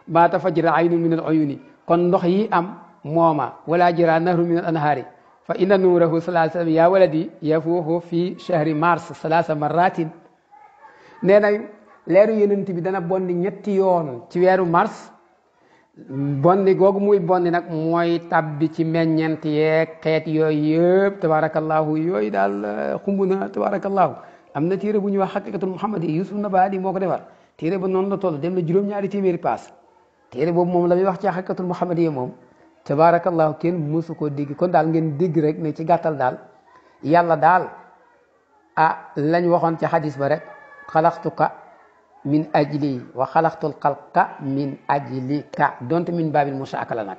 maata fajra aynun min al kon ndox yi am mooma wala jëra nahru min al anhaari fa inna nuurahu salaa sallam yaa waladi yafuuxu fi chahri mars salaasa marratin nee na leeru yenent bi dana bonni ñetti yoon ci weeru mars bonni googu muy bonni nag mooy tabbi ci meññent yeeg xeet yooyu yëpp tabarakallahu yooyu daal xumb na tabarakallahu am na téere bu ñuy wax xaqiqatul muhammad yi yusuf nabaadi moo ko defar téere ba noonu la toll dem na juróom-ñaari téeméeri paas téere boobu moom la muy wax ci xaqiqatul muhammad yi moom tabaarakallaahu kenn mësu koo dégg kon daal ngeen dégg rek ne ci gàttal daal yàlla daal ah lañ waxoon ci xadis ba rek xalaxtuka min ajli wa xalaxtul xalqa min ajlika donte min baabil musaaka la nag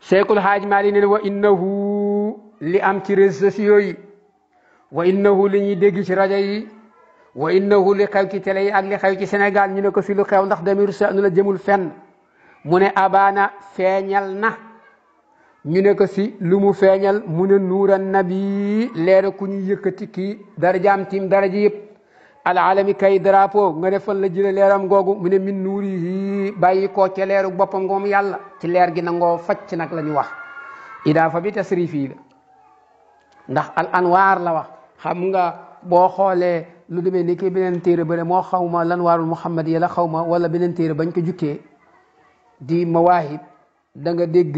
Haaj Maalik wa innahu li am ci réseaux sociaux yi wa innahu li ñuy dégg ci rajo yi wa innahu li xew ci télé yi ak li xew ci Sénégal ñu ne fi lu xew ndax damiru sa nu la jëmul fenn mu ne abaana feeñal na ñu ne ko si lu mu feeñal mu ne nuuran nabi leera ku ñu yëkkati kii darajaam tiim daraja yëpp alalami kay darapo nga ne fan la jële leeram googu mu ne min nuuri yi bàyyi koo ca leeru boppam ngoom yàlla ci leer gi nangoo facc nag la ñu wax idaafa bi tasrif yi ndax al anwaar la wax xam nga boo xoolee lu demee ni ki beneen téere ba ne moo xaw ma lanwaarul muhammad yi la xaw ma wala beneen téere bañ ko jukkee di mawaahib da nga dégg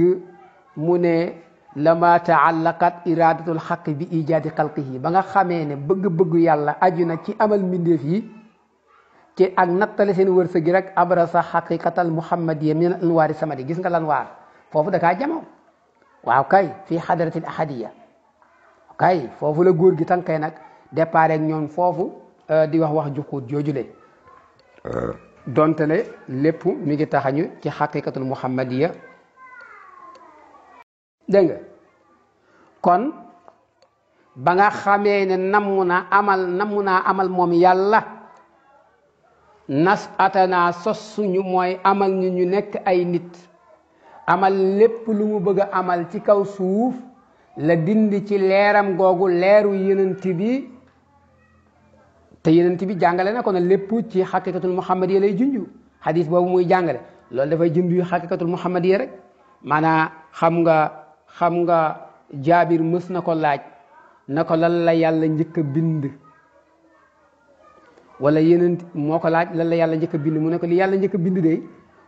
mu ne lama taallaqat iradatul xaq bi ijaadi xalqihi ba nga xamee ne bëgg bëgg yàlla aju na ci amal mbindeef yi ci ak nattale seen wërsëg gi rek abrasa xaqiqatal muhammadiya min anwaari samadi gis nga lan waar foofu da kaa jamoo waaw kay fii xadaratil ahadiya kay foofu la góor gi tànkay nag départ ak ñoom foofu euh, di wax wax ju xóot joojule euh. donte ne lépp mi ngi taxañu ci xaqiqatul muhammadiya dégg nga kon ba nga xamee ne namm naa amal namm naa amal moom yàlla nas atanaa sos suñu mooy amal ñu ñu nekk ay nit amal lépp lu mu bëgg a amal ci kaw suuf la dindi ci leeram googu leeru yenant bi te yenent bi jàngale na ko ne lépp ci xaqiqatul muhammadiya lay junju xadis boobu muy jàngale lool dafay junju xaqiqatul muhammadiya rek maanaa xam nga xam nga jaabir mës na ko laaj na ko lan la yàlla njëkk a bind wala ko laaj lan la yàlla njëkk bind mu ne ko li yàlla njëkk a bind de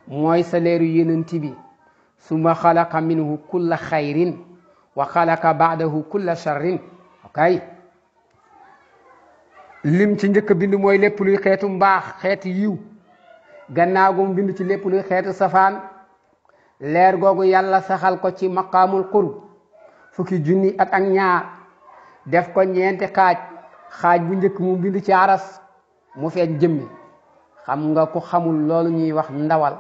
mooy sa leeru yenent bi summa xalaqa minhu kulla xayrin wa xalaqa baadahu kulla charrin okay lim ci njëkk bind mooy lépp luy xeetu mbaax xeetu yiw gannaaw bind ci lépp luy xeetu safaan leer googu yàlla saxal ko ci maqaamul qurb fukki junni ak ak ñaar def ko ñeenti xaaj xaaj bu njëkk mu bind ci aras mu feeñ jëmmi xam nga ko xamul loolu ñuy wax ndawal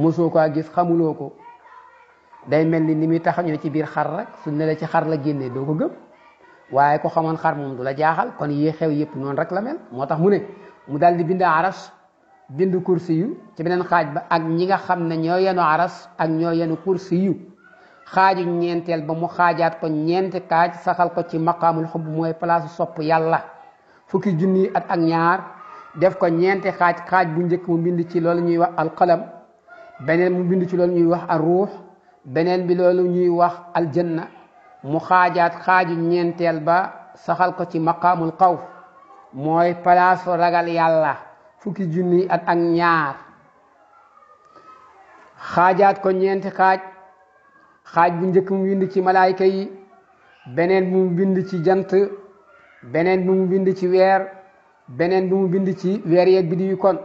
mosoo ko gis xamuloo ko day mel ni ni muy taxañoo ci biir xar rek su ne ci xar la génnee doo ko gëm waaye ko xamoon xar moom du la jaaxal kon yi xew yëpp noonu rek la mel moo tax mu ne mu daal di bind aras bind kursi yu ci beneen xaaj ba ak ñi nga xam ne ñoo yenu aras ak ñoo yenu kursi yu xaaju ñeenteel ba mu xaajaat ko ñeenti kaaj saxal ko ci maqaamul xubb mooy place sopp yàlla fukki junni at ak ñaar def ko ñeenti xaaj xaaj bu njëkk mu bind ci loolu ñuy wax alqalam beneen mu bind ci loolu ñuy wax al ruux beneen bi loolu ñuy wax aljanna mu xaajaat xaaju ñeenteel ba saxal ko ci maqaamul xawf mooy palaasu ragal yàlla fukki junni at ak ñaar xaajaat ko ñeenti kaaj xaaj bu njëkk mu bind ci malaayka yi beneen bu mu bind ci jant beneen bu mu bind ci weer beneen bu mu bind ci weer yeeg biddi kon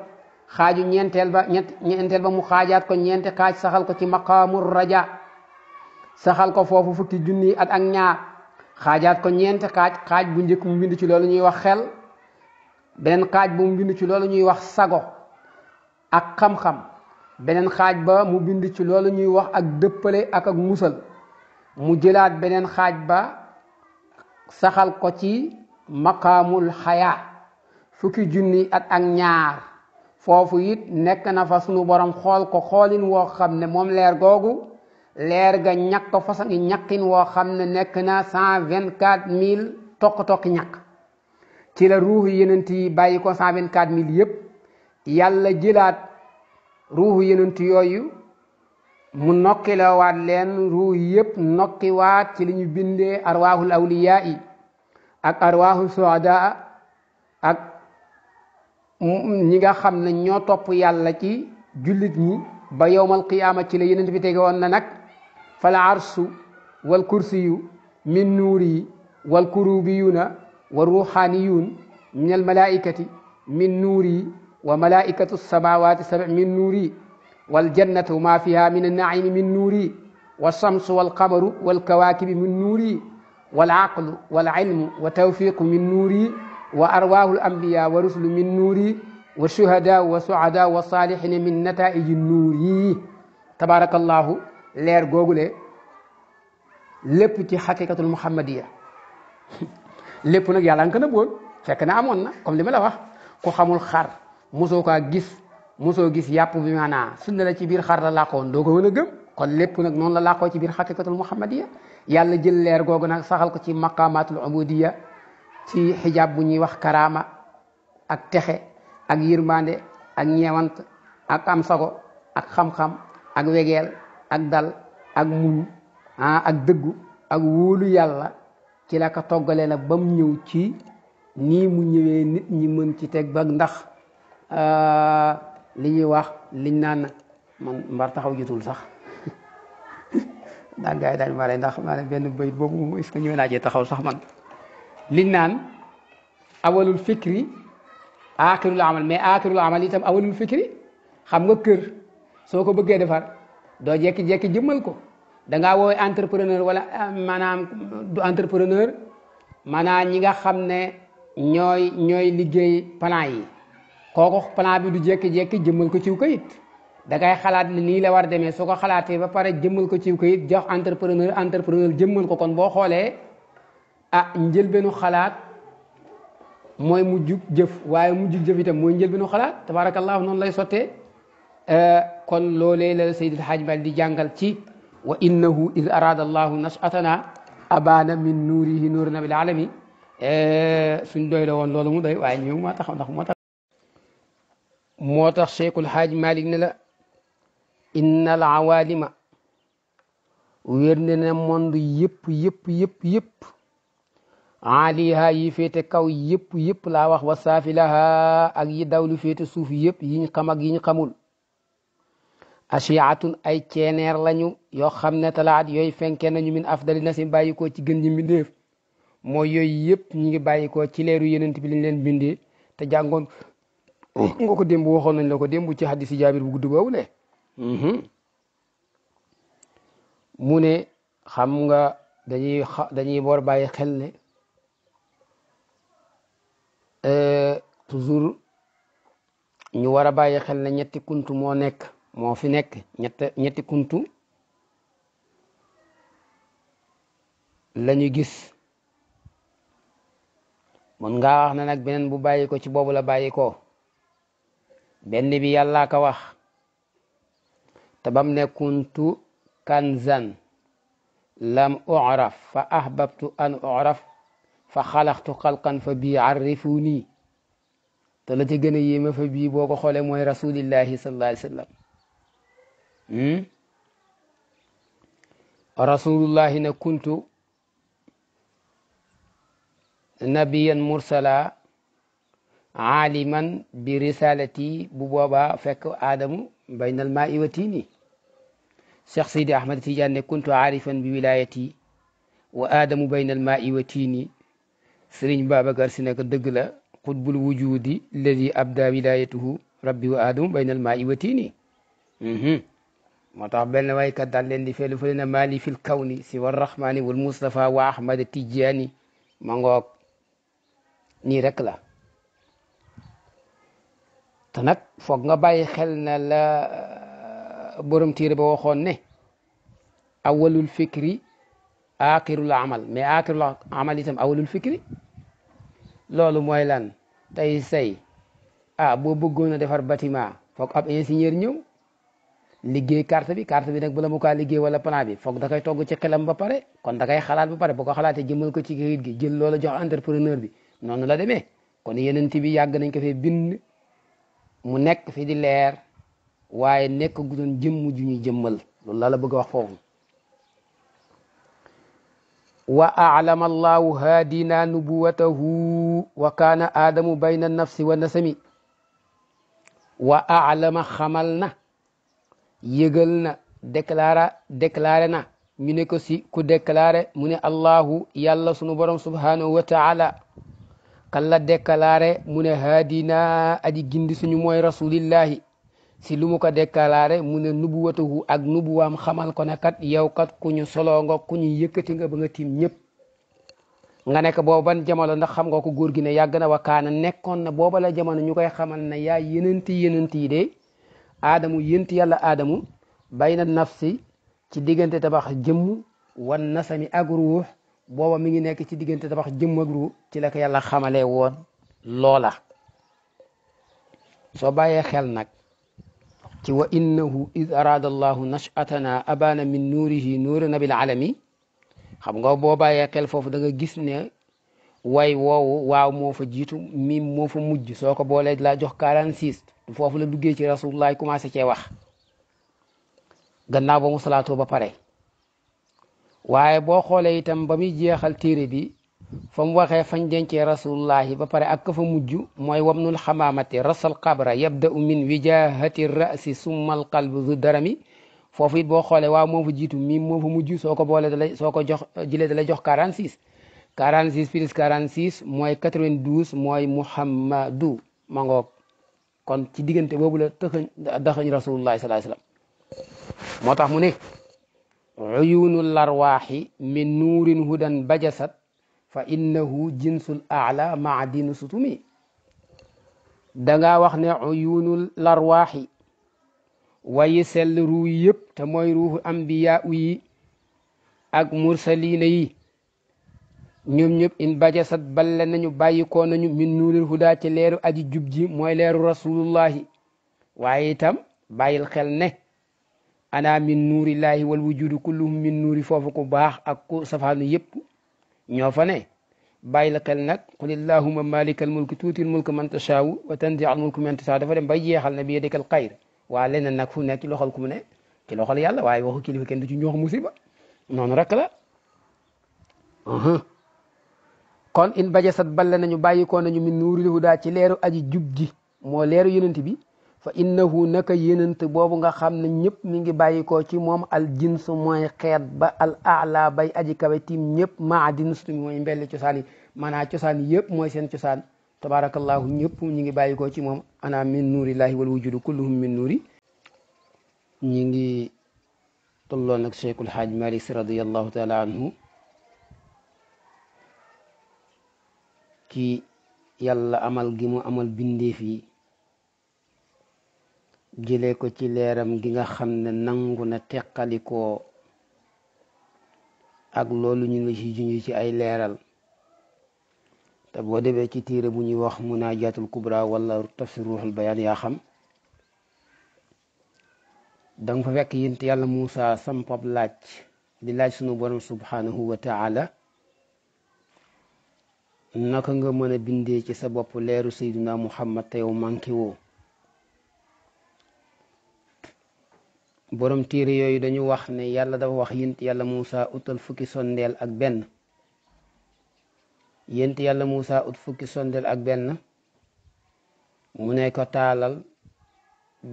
xaaju ñeenteel ba ñeenteel ba mu xaajaat ko ñeenti kaaj saxal ko ci maqaamul raja saxal ko foofu fukki junni at ak ñaar xaajaat ko ñeenti xaaj xaaj bu njëkk mu bind ci loolu ñuy wax xel beneen xaaj bu mu bind ci loolu ñuy wax sago ak xam beneen xaaj ba mu bind ci loolu ñuy wax ak dëppale ak ak musal mu jëlaat beneen xaaj ba saxal ko ci makaamul xayaa fukki junni at ak ñaar foofu it nekk na fa sunu borom xool ko xoolin woo xam ne moom leer googu leer ga ñàkk façon yi woo xam ne nekk na cent vint quatre mille tokk-tokki ñakk ci la ruuxu yenent yi bàyyi ko cent vingt quatre mille yëpp yàlla jëlaat ruuxu yenent yooyu mu nokki la waat leen ruux yëpp nokki waat ci li ñu bindee arwaahul awliyaa yi ak arwaahul suhadaa ak ñi nga xam na ñoo topp yàlla ci jullit ñi ba yowmal qiyaama ci la yenent bi tege woon na nag fal arsu wal kursiyu min nuuri wal kurubiyuna wa ruuxaaniyun min al malaikati min nuuri wa malaikatu samawati sab min nuuri wal jannatu ma fiha min annaimi min nuuri wa samsu wal qamaru wal kawaakibi min nuuri wal aqlu wal ilmu wa tawfiqu min nuuri wa arwaahul ambiya wa rusulu min nuuri wa shuhadaa wa suadaa wa saalihiina min nataa'iji nuuri tabaarakallahu leer googule lépp ci xaqiqatul muhammadiya lépp nag yàlla nga ko nëbboon fekk na amoon na comme li ma la wax ku xamul xar mosoo kaa gis mosoo gis yàpp bi maanaa sunna la ci biir xar la làqoon doo ko mën a gëm kon lépp nag noonu la làqoo ci biir xaqiqatul muhammadiya yàlla jël leer googu nag saxal ko ci maqamatul ubudiya ci xijaab bu ñuy wax karaama ak texe ak yërmande ak ñeewant ak am ak xam-xam ak wegeel ak dal ak muñ ah ak dëggu ak wóolu yàlla ci la ko toggalee nag ba mu ñëw ci nii mu ñëwee nit ñi mën ci teg ba ndax euh, li ñuy wax liñ naan man mbar taxaw jotul sax daan gars yi daañu ma ndax maa ne benn bayit boobu naaje ce que taxaw sax man liñ naan awalul fikri aakirul amal mais aakirul amal itam awalul fikri xam nga kër soo ko bëggee defar doo jekki-jekki jëmmal ko dangaa ngaa woowee entrepreneur wala eh, maanaam du entrepreneur maanaam ñi nga xam ne ñooy ñooy liggéey plan yi kooku plan bi du jekki-jekki jëmmal ko ciw kayit da ngay xalaat ne nii la war demee soo ko xalaatee ba pare jëmmal ko ciw kayit jox entrepreneur entrepreneur jëmmal ko kon boo xoolee ah njëlbeenu xalaat mooy mujjug jëf waaye mujjug jëf itam mooy njëlbeenu xalaat tabaarakallaahu noonu lay sottee eh, kon loolee la Seydil Hadj Malick di jàngal ci wa innahu id arada allahu nashatana abana min nuurihi nuur nabil alami eh, suñ doy la woon loolu mu doy waaye ñëw moo tax ndax moo tax moo tax Cheikhul Hadj Malick ne la inna al awalima wér ne na monde yëpp yëpp yëpp yëpp aliha yi féete kaw yëpp yëpp laa wax wa saafilaha ak yi dawlu féete suuf yëpp yiñ xam ak yiñ xamul ashiatun ay ceeneer lañu yoo xam ne talaat yooyu fenkee nañu min afdali na si bàyyikoo ci gën ji mbindeef mooy yooyu yëpp ñu ngi bàyyikoo ci leeru yenent bi lañ leen bindee te jàngoon nga ko démb waxoon nañ la ko démb ci hadisi jaabir bu gudd boobu le mm-hmm. mu ne xam nga dañuy dañuy war bàyyi xel ne euh, toujours ñu war a bàyyi xel ne ñetti kuntu moo nekk moo fi nekk ñett ñetti kuntu lañu gis mun ngaa wax na nag beneen bu bàyyi ko ci boobu la bàyyi ko benn bi yàllaa ko wax te bam ne kuntu kanzan lam uraf fa ahbabtu an uraf fa xalaxtu xalqan fa bii arrifuni te la ci gën fa bii boo ko mooy rasulillahi sallallahu alayhi Hmm? rasulullahi ne kuntu nabiyan mursala aaliman bi risalati bu boobaa fekk aadamu baynal maa i wa tiini cheikh sidi ahmad tidiane ne kuntu aarifan bi wilayati wa aadamu baynal maa i wa tiini sëriñ babacar si ne ko dëgg la xutbul wujudi ladi abda wilayatuhu rabbi wa aadamu baynal maa i wa tiini hmm. moo tax benn waykat daal leen di feelu fële na maali fil kawni si war rahmaani wal mustafa wa ahmad tijjaani ma ngoog nii rek la te nag foog nga bàyyi xel na la euh, borom tiir ba waxoon ne awalul fikri aakirul amal mais aakirul amal itam awalul fikri loolu mooy lan tey say ah boo bëggoon a defar bâtiment foog ab ingénieur ñëw liggéey carte bi carte bi nag bala mu kaa liggéey wala plan bi foog da koy togg ci xelam ba pare kon da koy xalaat ba pare bu ko xalaatee jëmal ko ci kayit gi jël loola jox entrepreneur bi noonu la demee kon yeneen bi yàgg nañ ko fee bind mu nekk fi di leer waaye nekk gu doon jëmm ju ñuy jëmmal loolu bëgg a wax foofu wa aalama allahu haadina nubuwatahu wa kaana aadamu bayna nafsi wa nasami wa aalama xamal na yëgal na déclara déclaré na ñu ne ko si ku déclaré mu ne allahu yàlla sunu borom subhanahu wa taala kalla déclaré mu ne haadina aji gindi suñu mooy rasulillahi si lu mu ko déclaré mu ne nubuwatuhu ak nubuwaam xamal ko ne kat yow kat ku ñu soloo nga ku ñu yëkkati nga ba nga tiim ñëpp nga nekk booba ban jamono ndax xam nga ko góor gi ne yàgg na wakaana nekkoon na booba la jamono ñu koy xamal ne yaa yenent yenent yi de aadamu yént yàlla aadamu bayna nafsi ci diggante tabax jëmm wan nasami ak ruux booba mi ngi nekk ci diggante tabax jëmm ak ruux ci la ko yàlla xamalee woon loola soo bàyyee xel nag ci wa innahu id araada allahu nashatana abana min nuurihi nuura nabil alami xam nga boo bàyyee foofu da gis ne way woowu waaw moo jiitu mim moo fa mujj soo ko boolee laa jox 46 foofu la duggee ci rasulullah commencé cee wax gannaaw ba mu salaatoo ba pare waaye boo xoolee itam ba muy jeexal téere bi fa mu waxee fañ dencee rasulullahi ba pare ak ka fa mujj mooy wabnul xamaamati rasal qabra yabda u min wijahati rasi summa al qalbu zu darami foofu it boo xoolee waaw moo fa jiitu mim moo fa mujj soo ko boolee da soo ko jox jile da lay jox 46 46 plus 46 mooy 92 mooy muhammadu ma ngoog kon ci diggante boobu la tëxëñ daxëñ rasulullahi sallallahu alayhi wasallam moo tax mu ne uyunul larwaaxi min nuurin hudan bajasat fa innahu jinsul aala maa dinu sutumi dangaa wax ne uyunul larwaaxi mooy ruuxu ambiya yi ak mursalina yi ñoom ñëpp in bajasat balle nañu bàyyikoo nañu min nuuril huda ci leeru aji jub ji mooy leeru rasulullahi waaye itam bàyyil xel ne ana min nuurillahi wal wujudu kulluhum min nuuri foofu ku baax ak ku safaanu yëpp ñoo fa ne bàyyil xel nag qul illahuma malikal mulki tuutil mulka man tashaawu wa tanzi'ul mulka man tashaawu dafa dem bay jeexal na bi yadikal xayr waa leneen nag fu nekk ci loxol ku mu ne ci loxol yàlla waaye waxu kilifa kenn du ci ñoox musiba noonu rek la kon in bajasat balle nañu bàyyikoo nañu min nuuril huda ci leeru aji jub ji moo leeru yenant bi fa innahu naka yenant boobu nga xam ne ñëpp mi ngi bàyyikoo ci moom al jins mooy xeet ba al ala bay aji kawe tim ñëpp maa dins mooy mbelli cosaan yi maanaa cosaan yëpp mooy seen cosaan tabarakallahu ñëpp ñi ngi bàyyikoo ci moom ana min nuurillahi wal wujudu kulluhum min nuuri ñi ngi tolloon ak Cheikhul Haaj Malik Si radiyallahu taala anhu ci yàlla amal gi mu amal bindeef yi jëlee ko ci leeram gi nga xam ne nangu na teqalikoo ak loolu ñu ngi ci junj ci ay leeral te boo demee ci téere bu ñuy wax munaajatul kubra wala tafsir ruuxul bayaan ya xam danga fa fekk yént yàlla musa sampab laaj di laaj sunu borom subhanahu wa taala naka nga mën a bindee ci sa bopp leeru sayduna muhammad te yow manqué woo borom téere yooyu dañu wax ne yàlla dafa wax yent yàlla Moussa utal fukki sondeel ak benn yent yàlla Moussa ut fukki sondeel ak benn mu ne ko taalal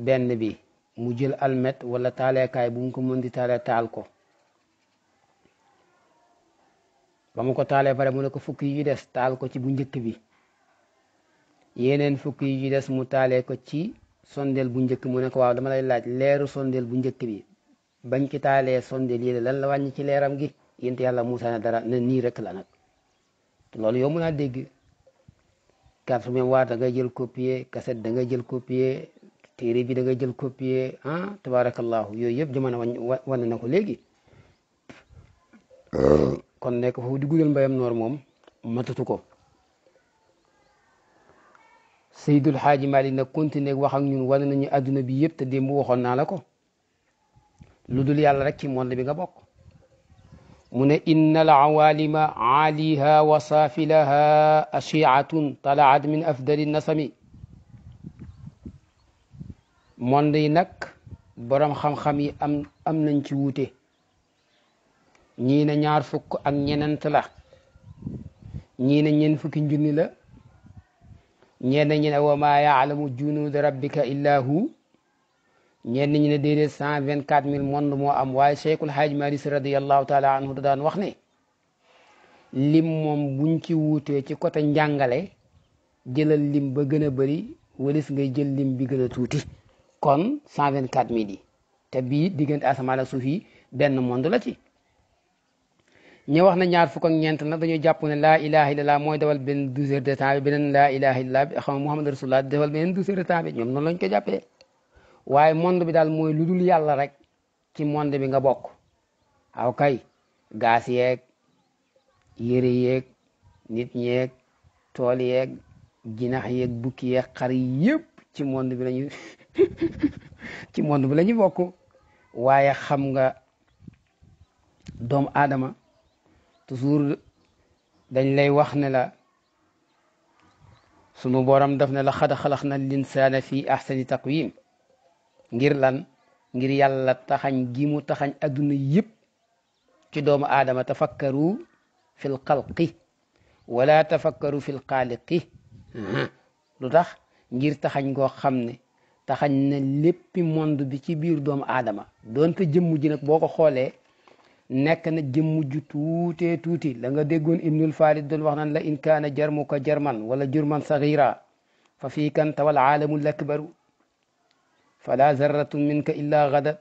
benn bi mu jël almet wala taaleekaay bu mu ko mën di taale taal ko ba mu ko taale pare mu ne ko fukki yu des taal ko ci bu njëkk bi yeneen fukki yu des mu taalee ko ci sondel bu njëkk mu ne ko wa dama lay laaj leeru sondeel bu njëkk bi bañ ci taalee sondeel yéene lan la wàññi ci leeram gi yént yàlla Moussa ne dara ne nii rek la nag loolu yow mën naa dégg carte mémoire da ngay jël copier cassette da jël copier téere bi da ngay jël copier ah tabarakallahu yooyu yëpp jamono wane na ko léegi euh, kon nekk foofu di gudal mbayam noor moom matatu ko Seydul Xaaji Maalik nag continuer wax ak ñun wane nañu adduna bi yëpp te démb waxoon naa la ko lu dul yàlla rek ci monde bi nga bokk mu ne inna al awalima aaliha wa saafilaha ashiatun talaat min afdali nasami monde yi nag boroom xam yi am am nañ ci wuute ñii ne ñaar fukk ak ñenent la ñii ne ñeen fukki junni la ñenn ñi ne wa maa yaalamu junuuda rabbika illa hu ñenn ñi ne déedéet cent vingt quatre mille monde moo am waaye Cheikhul Haaj Maalik Si radiyallahu taala anhu daan wax ne lim moom buñ ci wuutee ci côté njàngale jëlal lim ba gën a bëri walis ngay jël lim bi gën a tuuti kon cent vingt quatre yi te bii diggante asamaan ak suuf yi benn monde la ci ñi wax na ñaar fukk ak ñeent nag dañuy jàpp ne laa ilaha illallah mooy dawal benn douze heures de temps bi beneen laa ilaha illallah bi xam muhammad rasulullah di dawal beneen douze heures de temps bi ñoom noonu lañ ko jàppee waaye monde bi daal mooy lu dul yàlla rek ci monde bi nga bokk aw kay gaas yeeg yére yeeg nit ñeeg tool yeeg jinax yeeg bukki yeeg xar yëpp ci monde bi lañu ci monde bi la ñu bokk waaye xam nga doomu aadama toujours dañ lay wax ne la sunu borom daf ne la xad xalax na linsaana fi ahsani taqwim ngir lan ngir yàlla taxañ gi mu taxañ adduna yëpp ci doomu aadama tafakkaru fil xalqi wala tafakkaru fil xaaliqi lu tax ngir taxañ koo xam ne taxañ na léppi monde bi ci biir doomu aadama doonte jëmm ji nag boo ko xoolee nekk na jëmm ju tuutee la nga déggoon ibnul farid doon wax naan la in kaana jarmuka jarman wala jurman sagira fa fii kan tawal aalamu lakbaru fala minka illa gada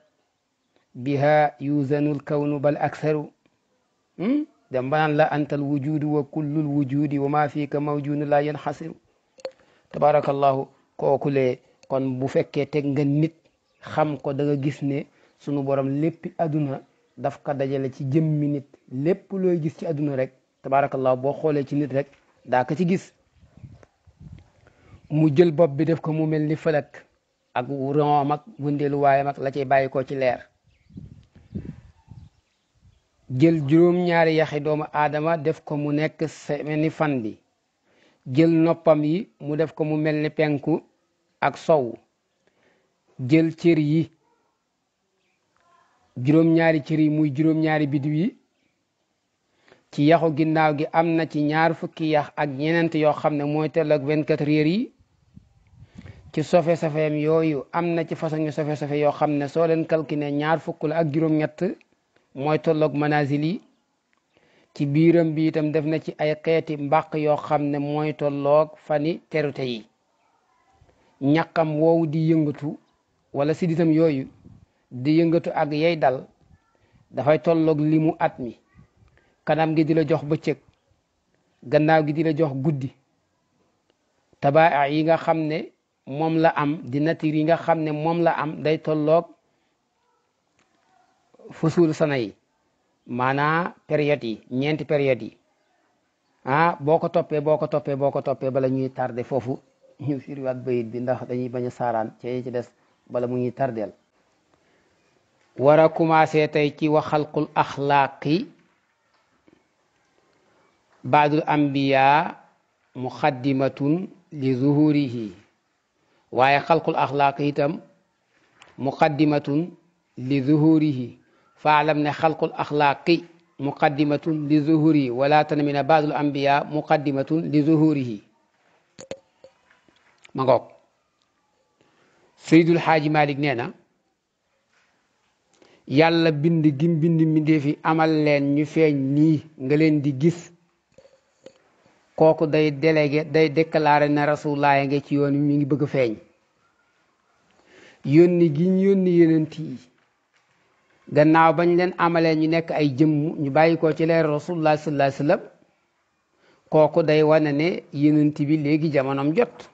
biha yuzanul kawnu bal aksaru hmm? dem ba naan la antal wujudu wa kullul wujudi wa ma fika mawjunu la yanxasiru tabarakallahu kookulee kon bu fekkee teg nga nit xam ko da nga gis ne sunu borom léppi aduna daf ko dajale ci jëmmi nit lépp looy gis ci àdduna rek tabaarakallaa boo xoolee ci nit rek daa ko ci gis mu jël bopp bi def ko mu mel ni fëlak ak room ak wëndeelu waaye ak la cay bàyyi ko ci leer jël juróom-ñaari yaxi doomu aadama def ko mu nekk mel ni fan bi jël noppam yi mu def ko mu mel ni penku ak sow jël cër yi juróom-ñaari cër muy juróom-ñaari biddiw ci yaxu ginnaaw gi am na ci ñaar fukki yax ak ñeneent yoo xam ne mooy tell ak 24 heures ci sofe-sofeem yooyu am na ci façon sofe-sofe yoo xam ne soo leen calculé ñaar fukk la ak juróom-ñett mooy tolloog manazil ci biiram bi itam def na ci ay xeeti mbàq yoo xam ne mooy tolloog fani terute yi ñaqam woowu di yëngatu wala siditam yooyu di yëngatu ak yay dal dafay tolloog limu at mi kanam gi di la jox bëccëg gannaaw gi di la jox guddi taba yi nga xam ne moom la am di nature yi nga xam ne moom la am day tolloog fusul sana yi maanaa période yi ñeenti période yi ah boo ko toppee boo ko toppee boo ko toppee bala ñuy tardé foofu ñu firiwaat bayit bi ndax dañuy bañ a saaraan ci ci des bala mu ñuy tardeel war a commencé tey ci waxalqul axlaaqi baadul ambiya muqaddimatun li zuhurihi waaye xalqul axlaaqi itam muqaddimatun li zuhurihi faalam ne xalqul axlaaqi muqaddimatun li zuhurihi wala tanmina baadul ambiya muqaddimatun li zuhurihi ma ngoog Seydul Xaaji Malik nee na yàlla bind gi bind mbindeef yi amal leen ñu feeñ nii nga leen di gis kooku day délégué day déclaré ne rasulullaa nga ci yoon wi mi ngi bëgg feeñ yónni gi ñu yónni yonent yi gannaaw bañ leen amalee ñu nekk ay jëmm ñu bàyyi ko ci leer rasulullah sallallahu alayhi wasallam kooku day wane ne yonent bi léegi jamonom jot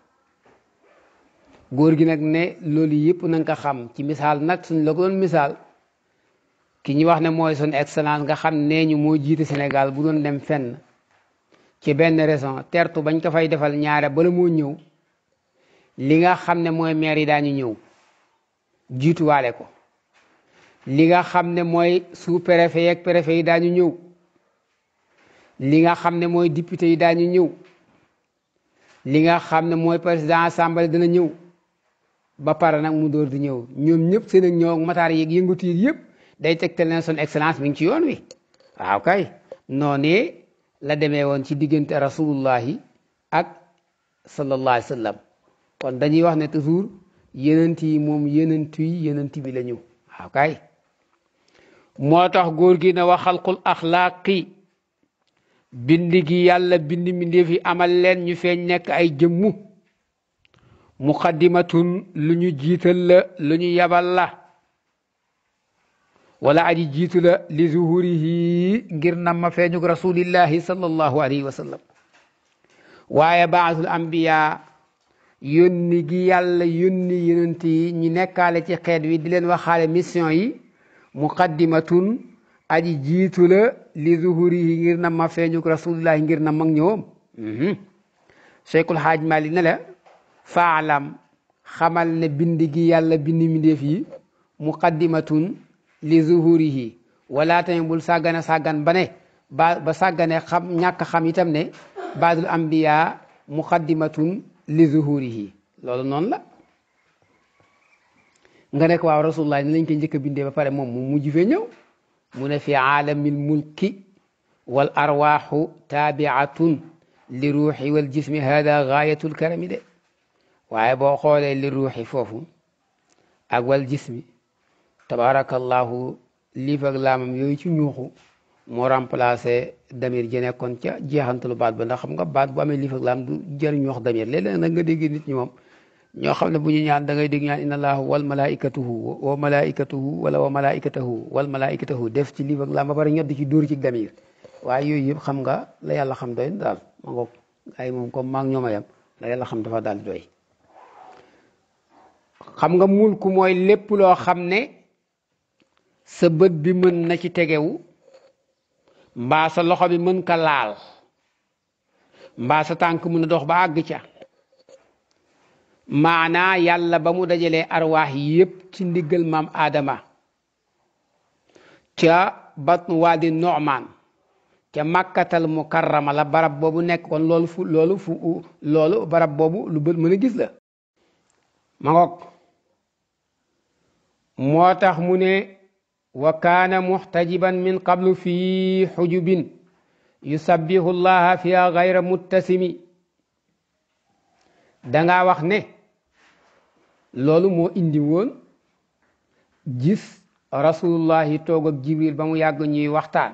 góor gi nag ne loolu yëpp na nga ko xam ci misaal nag suñ la misaal ki ñu wax ne mooy son excellence nga xam nee ñu moo jiite Sénégal bu doon dem fenn ci benn raison tertu bañ ko fay defal ñaare bala moo ñëw li nga xam ne mooy maire yi daañu ñëw jiituwaale ko li nga xam ne mooy sous préfet yeek préfet yi daañu ñëw li nga xam ne mooy député yi daañu ñëw li nga xam ne mooy président assemblée dana ñëw ba pare nag mu door di ñëw ñoom ñëpp seen ak ñëw ak mataar yeeg yëngatu yëpp day tegtal ne son excellence mi ngi ci yoon wi waaw kay noonee la demee woon ci diggante rasulullahi ak sallallahu alayhi kon dañuy wax ne toujours yenent yi moom yenent yi bi la ñu waaw kay moo tax góor gi ne wax xalqul axlaaqi bind gi yàlla bind mbindéef yi amal leen ñu feeñ nekk ay jëmmu muqaddimatun lu ñu jiital lu ñu yabal la wala aji jiitu la li zuhurihi ngir nam ma feeñug rasulillahi sallallahu alayhi wa sallam waaye baasul ambiya yónni gi yàlla yónni yonent yi ñi nekkaale ci xeet wi di leen waxaale mission yi muqaddimatun aji jiitu la li zuhurihi ngir nam ma feeñug rasulillahi ngir nam mag ñëwam mhm. Cheikhul Haaj Malik ne la faalam xamal ne bind gi yàlla bind mi def yi muqaddimatun li zuhurihi wala tamit bul sàggane sàggan ba ba ba sàggane xam ñàkk xam itam ne baadul ambiya muqaddimatun li zuhurihi loolu noonu la nga nekk waaw rasulullah ni lañ koy njëkk bindee ba pare moom mu mujj fee mu ne fi aalamil mulki wal arwaaxu taabiatun li ruuxi wal jismi hada gaayatul karami de waaye boo xoolee li ruuxi foofu ak wal jismi tabaarakallaahu liif ak laamam yooyu ci ñuuxu moo remplacé damir ji kon ca jeexantalu baat ba ndax xam nga baat bu amee liif ak laam du jëriñ wax damir léeg-léeg nag nga dégg nit ñi moom ñoo xam ne bu ñu ñaan da ngay dégg ñaan inna allaahu wal malaikatuhu wa malaikatuhu wala wa malaikatahu wal malaikatahu def ci liif ak laam ba pare ñoddi ci dóor ci damir waaye yooyu yëpp xam nga la yàlla xam doy daal ma ngoog ay ko comme maa ngi ñoom a yam la yàlla xam dafa daal doy mulku mooy lépp loo ne sa bët bi mën na ci tegewu mbaa sa loxo bi mën ka laal mbaa sa tànk mu a dox ba àgg ca maanaa yàlla ba mu dajalee arwaax yépp ci ndiggal maam aadama ca batn waadi Nu'maan ca makkatal mukarrama la barab boobu nekk kon loolu fu loolu barab boobu lu bët mën a gis la ma ngoog moo tax mu ne wa kaana muxtajiban min qablu fi xujubin yusabbihu llaha fiha gayra muttasimi danga wax ne loolu moo indi woon gis rasulullahi toog ak jibril ba mu yàgg ñuy waxtaan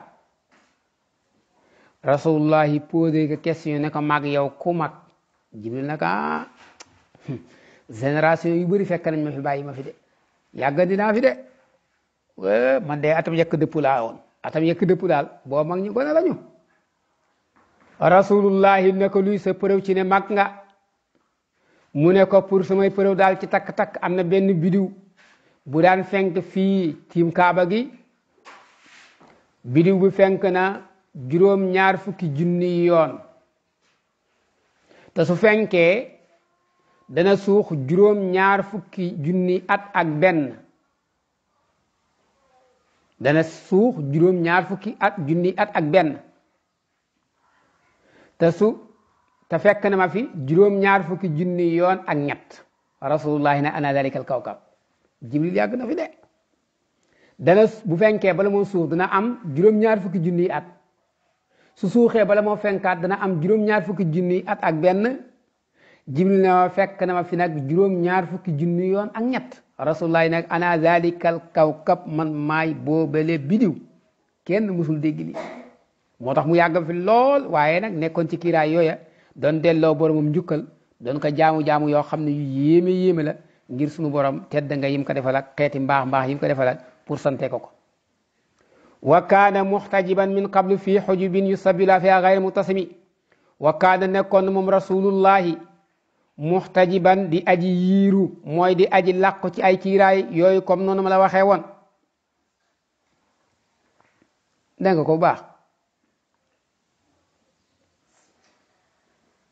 rasulullahi posé ko question ne ko mag yow ku mag jibril naka ah hmm, génération yu bëri fekk nañ ma fi bàyyi ma fi de yàgg dinaa fi de man de atam yekk dëpp yekk dëpp daal boo mag ñu gone lañu rasulullahi ne luy sa preuve ci ne mag nga mu ne ko pour samay preuve daal ci takk-takk am na benn bidiw bu daan fenk fii tiim kaaba gi bidiw bu fenk na juróom ñaar fukki junni yoon te su fenkee dana suux juróom ñaar fukki junni at ak benn dana suux juróom ñaar fukki at junni at ak benn te su te fekk na ma fi juróom ñaar fukki junni yoon ak ñett rasulullahi na ana dalika al kawkab jibril yàgg na fi de dana bu fenkee bala moo suux dana am juróom ñaar fukki junni at su suuxee bala moo fenkaat dana am juróom ñaar fukki junni at ak benn jibril ne ma fekk na ma fi nag juróom-ñaar fukki junni yoon ak ñett rasulullahi nag ana zalikal kawkab man maay boobale bidiw kenn musul dégg li moo tax mu yàgg fi lool waaye nag nekkoon ci kiiraay yooya doon delloo boromam njukkal doon ko jaamu-jaamu yoo xam ne yu yéeme yéeme la ngir sunu borom tedd nga yim ko defal ak xeeti mbaax mbaax yim ko defal pour sante ko ko wa kaana muxtajiban min qablu fii xujubin yusabilaa fi gayri mutasimi muxtajiban di aji yiiru mooy di aji làqu ci ay kiiraay yooyu comme noonu ma la waxee woon dégg ko bu baax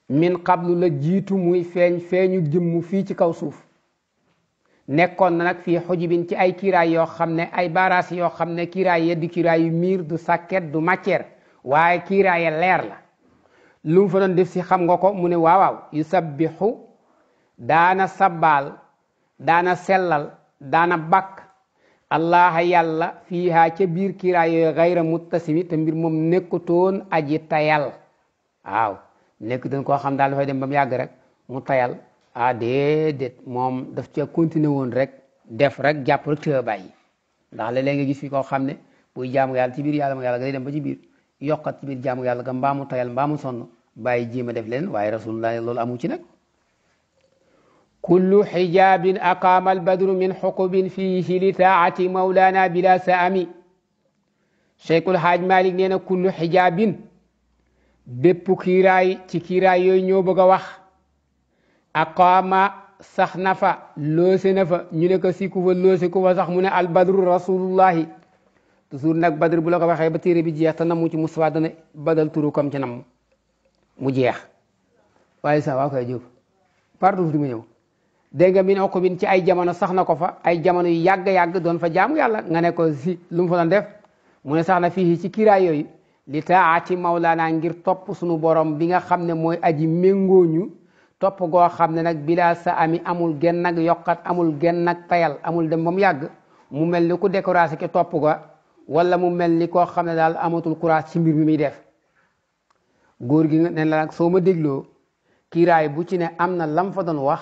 min qablu la jiitu muy feeñ feeñu jëmm fii ci kaw suuf nekkoon na nag fii xujibin ci ay kiiraay yoo xam ne ay baaraas yoo xam ne kiiraay ya di kiiraay yu miir du sàkket du matière waaye kiiraay ya leer la lu mu fa doon def si xam nga ko mu ne waawaaw yu sabbixu daana sabbaal daana sellal daana bàkk allaha yàlla fiiha ca biir kiraa yooyu xayra muttasimi te mbir moom nekkutoon aji tayal waaw nekkutoon koo xam daal dafay dem ba mu yàgg rek mu tayal a ah, déedéet moom daf ca continué woon rek def rek jàpp rek tëbaay yi ndax léeg-léeg nga gis koo xam ne buy jaamu yàlla ci biir yàlla ma yàlla day dem ba ci biir yokkat ci biir jaamu yàlla ga mbaamu tayal mbaamu sonn bàyyi jéem a def leen waaye rasulullah loolu amu ci nag kullu xijaabin aqaama albadru min xuqubin fiihi li taati mawlaana bila saami cheikhul haaj malik nee kullu xijaabin bépp kiiraay ci kiiraay yooyu ñoo bëgg a wax aqaama sax loose na fa ñu ne fa loose ku fa sax mu albadru rasulullahi toujours nag badr bu la ko waxee ba téere bi jeex te namu ci Mustafa dana badal turu comme ci nam mu jeex waaye sax waa koy jóg partout fi mu ñëw dégg nga min okku bin ci ay jamono sax na ko fa ay jamono yu yàgg-yàgg doon fa jaamu yàlla nga ne si lu mu fa doon def mu ne sax na fii ci kiiraay yooyu li taati mawlaana ngir topp suñu borom bi nga xam ne mooy aji méngooñu topp goo xam ne nag bilaa sa ami amul genn ak yokkat amul genn ak tayal amul dem ba mu wala mu mel ni koo xam ne daal amatul courage ci mbir mi muy def góor gi ne la nag soo ma dégloo kiiraay bu ci ne am na lam fa doon wax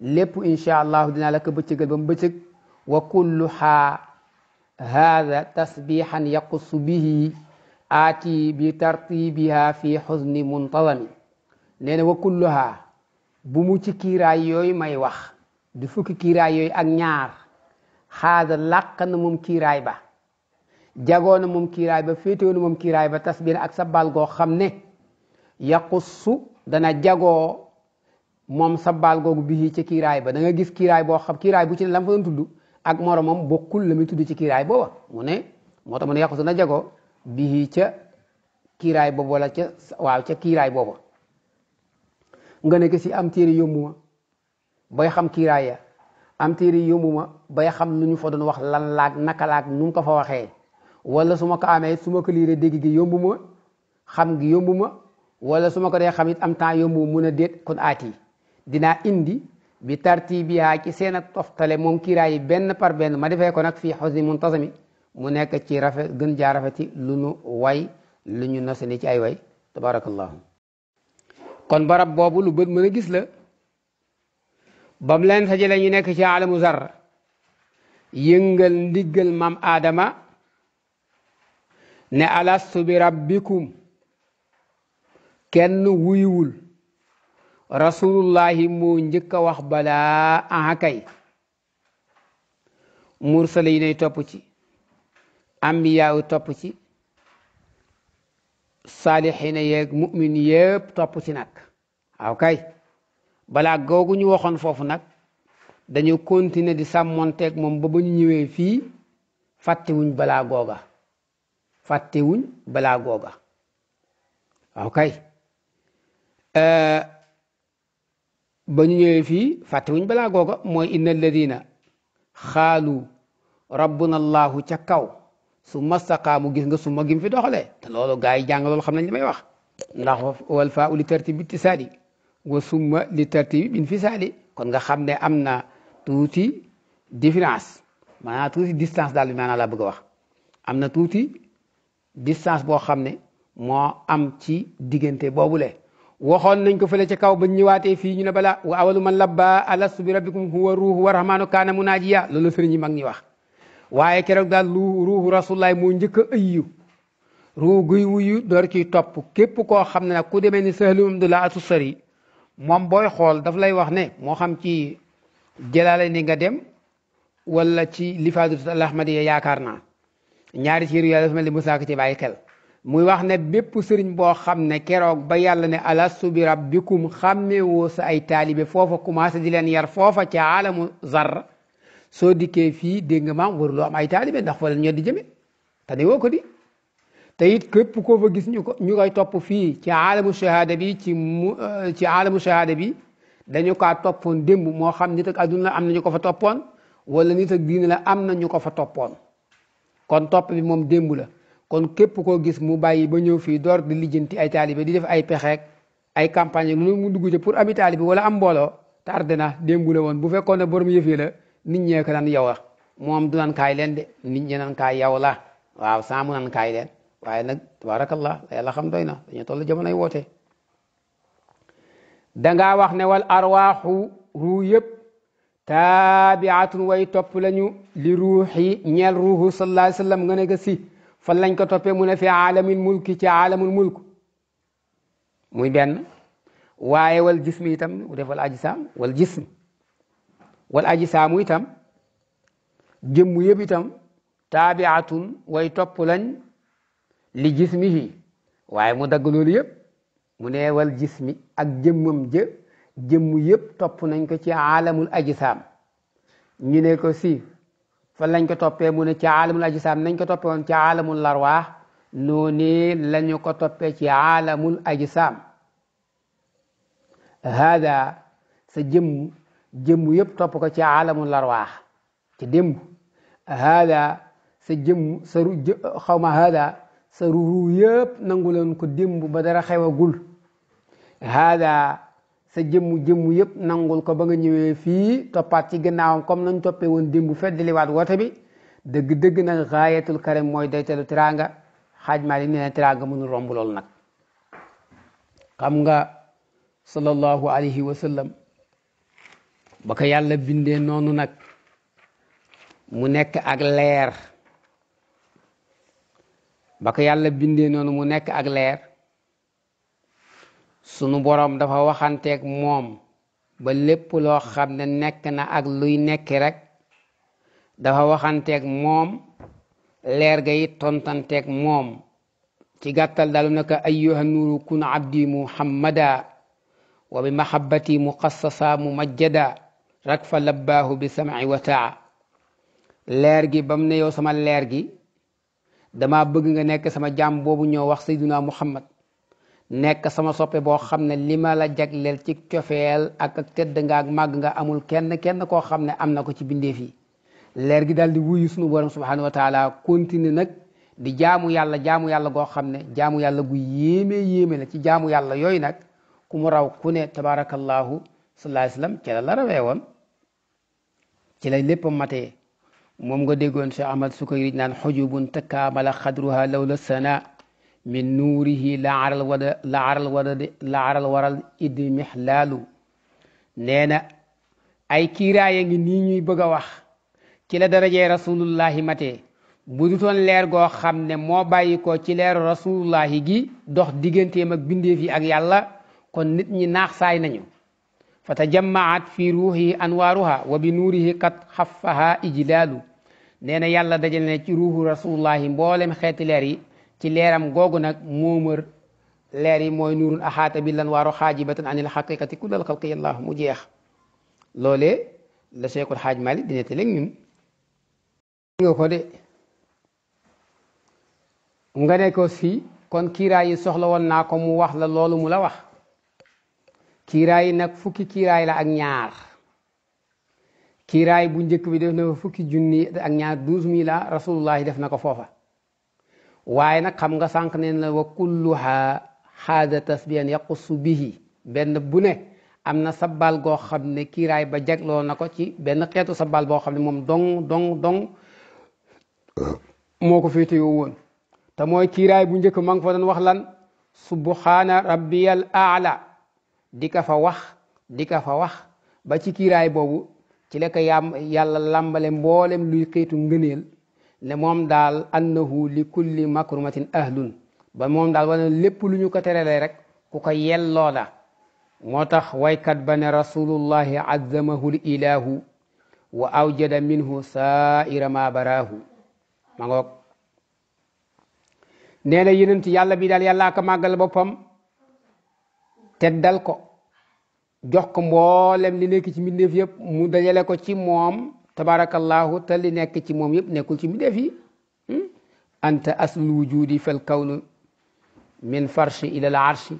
lépp incha allahu dinaa la ko bëccëgal ba mu bëccëg wa kullu haa haada tasbihan yaqussu bihi aati bi tartibiha fi xusni muntazami nee wa kullu haa bu mu ci kiiraay yooyu may wax du fukki kiiraay yooyu ak ñaar xaada làq na moom kiiraay ba jagoo na moom kiiraay ba féetewoon moom kiiraay ba tasbiir ak sa sabal goo xam ne yaqussu dana jagoo moom sa sabal googu bii ci kiiraay ba da nga gis kiiraay boo xam kiiraay bu ci ne tudd ak moromam bokkul la muy tudd ci kiiraay booba mu ne moo tax mu ne yaqussu na jagoo bii ca kiiraay boobu walla ca waaw ca kiiraay booba nga ne si am téere yombuma bay xam kiiraay ya am téere yombuma bay xam lu ñu fa doon wax lan laag naka laag nu ko fa waxee wala su ma ko amee su ma ko liire dégg gi yombuma ma xam gi yombuma walla wala su ma ko dee xam it am temps yomb mun a déet kon aati dinaa indi bi tartibiha ci seen a toftale moom kiiraay yi benn par benn ma defee ko nag fii xosni muntasami mu nekk ci rafet gën jaa rafeti lu nu way lu ñu nosani ci ay way tabarakallahu kon barab boobu lu bët mën a gis la bam leen sajale ñu nekk ci mu zar yëngal ndiggal maam Adama ne alastu bi rabbikum kenn wuyuwul rasulullahi moo njëkk a wax balaa aha kay mursala yi nay topp ci ambiyaa yu topp ci saalixiina yeeg mu'min yëpp topp ci nag waaw kay balaa googu ñu waxoon foofu nag dañu continuer di sàmmonteeg moom ba ba ñu ñëwee fii fàttewuñ balaa googa fàttewuñ balaa googa waaw kay euh, ba ñu ñëwee fii fàttewuñ balaa googa mooy inna alladina xaalu rabbuna allahu ca kaw su mastaqaamu gis nga suma gim fi doxalee te loolu gaa yi jàng loolu xam nañ li may wax ndax wal faa u li wa summa li tartib kon nga xam ne am na tuuti différence maanaam tuuti distance daal bi maanaam laa bëgg a wax am tuuti distance boo xam ne moo am ci diggante boobu le waxoon nañ ko fële ci kaw ba ñëwaatee fii ñu ne bala wa awalu man labba alastu bi rabbikum huwa ruuhu wa rahmaanu kaana munaajiya loolu sëriñ yi mag ñi wax waaye keroog daal lu ruuhu rasulullahi moo njëkk a ëyyu ruu guy wuyu door ci topp képp koo xam ne nag ku demee ni sahlu abdullah asusari moom booy xool daf lay wax ne moo xam ci jëlaale ni nga dem walla ci lifaadatu al ahmadiya yaakaar naa ñaari ciiru yàlla dafa mel ni Moussa ko ci bàyyi xel muy wax ne bépp sëriñ boo xam ne keroog ba yàlla ne alastu bi rabbikum xàmmewoo sa ay taalibe foofa commencé di leen yar foofa ci aalamu zarra soo dikkee fii dégg nga maam waruloo am ay taalibe ndax fa la ñoo di jëme te di woo ko te it képp koo fa gis ñu ko ñu koy topp fii ci aalamu shahada bi ci mu euh, ci aalamu shahada bi dañu kaa toppoon démb moo xam nit ak adduna am na ñu ko fa toppoon wala nit ak diine la am na ñu ko fa toppoon kon topp bi moom démb la kon képp koo gis mu bàyyi ba ñëw fii door di lijjanti ay taalibe di def ay pexeek ay campagne lu mu dugg ci pour ami taalibe wala am mbooloo tardé na démb la woon bu fekkoon ne borom yëf yi la nit ñee ko naan yow la moom du naan kaay leen de nit ñi naan kaay la waaw saa mu naan kaay na waaye nag tabaarakallah yàlla xam doy na dañu toll jamonoy woote. dangaa wax ne wal arwaaxu ruu yëpp taabiatun way topp li ruuxi ñeel ruuxu sallallahu alayhi wa sallam nga ne ko si fan lañ ko toppee mu ne fi aalamin mulki ci aalamul mulk muy benn waaye wal jismi itam bu def wal ajisaam wal jism wal ajisaamu itam jëmmu yëpp itam taabiatun way topp lañ li jismihi waaye mu dagg loolu yëpp mu ne wal jismi ak jëmmam jë jëmmu yëpp topp nañ ko ci aalamul ajisaam ñu ne ko si fan lañ ko toppee mu ne ci aalamul ajsaam nañ ko toppee woon ci aalamul larwaax noonu lañu ko toppee ci aalamul ajsaam hada sa jëmm jëmm yëpp topp ko ci aalamul larwaax ci démb hada sa jëmm sa ru xaw ma hada sa ruru yëpp nangu leen ko démb ba dara xewagul hada sa jëmmu jëmm yëpp nangul ko ba nga ñëwee fii toppaat ci gannaawam comme nañ toppee woon démb feddliwaat woote bi dëgg-dëgg nag xaayatul karim mooy day daytalu tiraanga xaaj maa li nee tiraanga mënul romb loolu nag xam nga sallallahu alayhi wa sallam ba ko yàlla bindee noonu nag mu nekk ak leer ba ko yàlla bindee noonu mu nekk ak leer sunu boroom dafa waxanteeg moom ba lépp loo xam ne nekk na ak luy nekk rek dafa waxanteeg moom leer ga it tontanteeg moom ci gàttal dalu naka ayyuha nuuru kun abdi muhammada wa bi mahabbati mu mumajjada rak fa labbaahu bi sama wa taa leer gi bam mu ne yow sama leer gi dama bëgg nga nekk sama jam boobu ñoo wax sayduna muhammad nekk sama soppe boo xam ne li ma la jagleel ci cofeel ak ak tëdd nga ak màgg nga amul kenn kenn koo xam ne am na ko ci bindeef yi leer gi daal di wuyu sunu borom subhanahu wa taala continue nag di jaamu yàlla jaamu yàlla goo xam ne jaamu yàlla guy yéeme yéeme la ci jaamu yàlla yooyu nag ku mu raw ku ne tabarakallahu sallallahu alayhi wasallam ci la la rawee woon ci lépp matee moom nga déggoon Cheikh Ahmad Sukayri naan xujubun takaamala xadruha lawla sana min nuurihi laaral wada laaral wada laaral waral iddi mihlaalu nee na ay kiiraaya ngi nii ñuy bëgg a wax ci la darajee rasulullahi matee bu dutoon leer goo xam ne moo bàyyi ko ci leeru rasulullahi gi dox digganteem ak bindeef yi ak yàlla kon nit ñi naax saay nañu fa tajammaat fi ruuxihi anwaaruha wa bi nuurihi kat xaffaha ijlaalu nee na yàlla dajal ne ci ruuxu rasulullahi mboolem xeeti leer yi ci leeram googu nag moo mër leer yi mooy nuru axaata bi lan waaru xaajibatan anil xaqiqati ku xalqi yàllaahu mu jeex loole la Seexul Xaaj Maalik dina te léeg ñun nga ko de nga ne ko fii kon kiiraay yi soxla woon naa ko mu wax la loolu mu la wax kiiraay yi nag fukki kiiraay la ak ñaar kiiraay bu njëkk bi def na fukki junni ak ñaar douze mille la rasulullahi def na ko foofa waaye nag xam nga sànq neen la wa kulluha xaada tasbiyan yaqusu bihi benn bu ne am na sabbal goo xam ne kiiraay ba jagloo na ko ci benn xeetu sabal boo xam ne moom dong dong dong moo ko féetewoo woon te mooy kiiraay bu njëkk ma ngi fa doon wax lan subhaana rabbiyal aala di ka fa wax di ka fa wax ba ci kiiraay boobu ci la ko yàlla làmbale mboolem luy xeetu ngëneel ne moom daal annahu li makrumatin ahlun ba moom daal wane lépp lu ñu ko terelee rek ku ko yelloo moo tax waykat ba ne rasulullahi azzamahul ilahu wa awjada minhu saaira ma baraahu ma ngoog nee na yonent yàlla bi daal yàllaa ko boppam teddal ko jox ko mboolem li nekk ci mbindeef yëpp mu dajale ko ci moom tabaarakallaahu te li nekk ci moom yëpp nekkul ci mbindeef yi hmm? anta aslul wujudi fal kawnu min farshi ila al arshi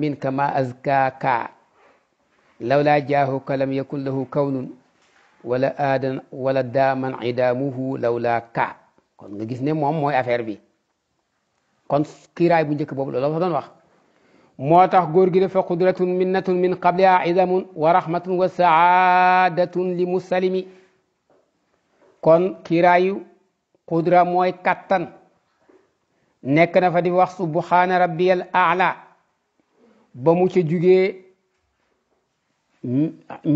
min kama azkaaka lawlaa jaahuka lam yakun lahu kawnun wala aadan wala daaman idaamuhu lawlaa ka kon nga gis ne moom mooy affaire bi kon kiiraay bu njëkk boobu loolu la doon wax moo tax góor gi dafa qudratun minnatun min qabliha idamun wa rahmatun wa saadatun li musalimi kon kiiraayu qudra mooy kattan nekk na fa di wax subhaana rabbiyal aala ba mu ca jugee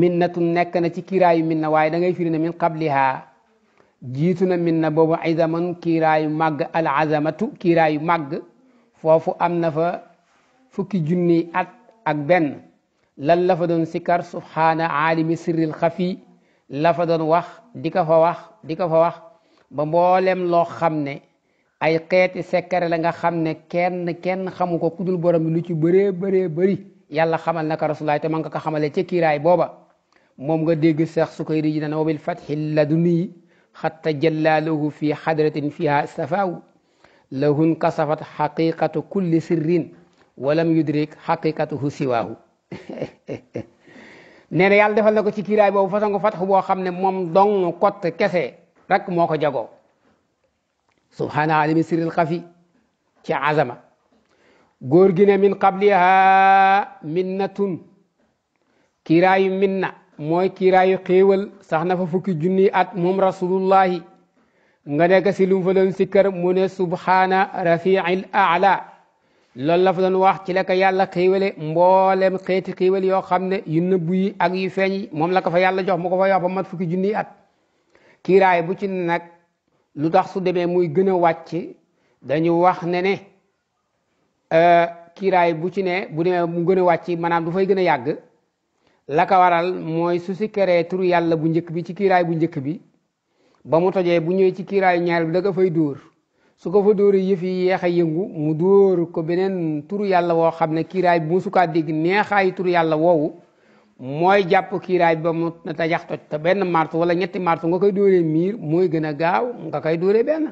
minnatu nekk na ci kiiraayu minna waaye danga ngay firi min qabliha jiitu na minna boobu izaman kiiraayu màgg al azamatu kiiraayu màgg foofu am na fa fukki junniy ak benn lan la fa doon sikar subhaana aalimi sirril xafi la fa doon wax di ko fa wax di ko fa wax ba mboolem loo xam ne ay xeeti sekkare la nga xam ne kenn kenn xamu ko kudul borom bi lu ci bëree bëree bëri yàlla xamal na rasulaay te man nga ko xamalee ca kiiraay booba moom nga dégg seex sukayri ji naan wabil fatxi laduni xatta jallaaluhu fi xadratin fiha safaaw lahun kasafat xaqiqatu kulli sirrin walam yudrik xaqiqatuhu siwaahu nee na yàlla defal na ko ci kiiraay boobu façon fatxu boo xam ne moom dong kott kese rek moo ko jagoo subhaana alimi siril xafi ci azama góor gi ne min qabliha minnatun kiiraayu minna mooy kiiraayu xéewal sax na fa fukki junni at moom rasulullahi nga nekk si lu mu fa doon sikkar mu ne subhaana rafiil aala loolu la fa doon wax ci la ko yàlla xiiwale mboolem xeeti xiiwal yoo xam ne yu nëbbu yi ak yu feeñ moom la ko fa yàlla jox mu ko fa yox ba mat fukki yi at kiiraay bu ci nag lu tax su demee muy gën a wàcc dañu wax ne ne euh, kiiraay bu ci ne bu demee mu gën a wàcc manaam du fay gën a yàgg la ko waral mooy su keree turu yàlla bu njëkk bi ci kiiraay bu njëkk bi ba mu tojee bu ñëwee ci kiiraayu ñaar bi da a fay dóor su ko fa dóoree yëf yi yeex a yëngu mu dóor ko beneen turu yàlla woo xam ne kiiraay bu musukaa dégg neexaayu turu yàlla woowu mooy jàpp kiiraay ba mu na tajax toj te benn marto wala ñetti marto nga koy dóoree miir mooy gën a gaaw nga koy dóoree benn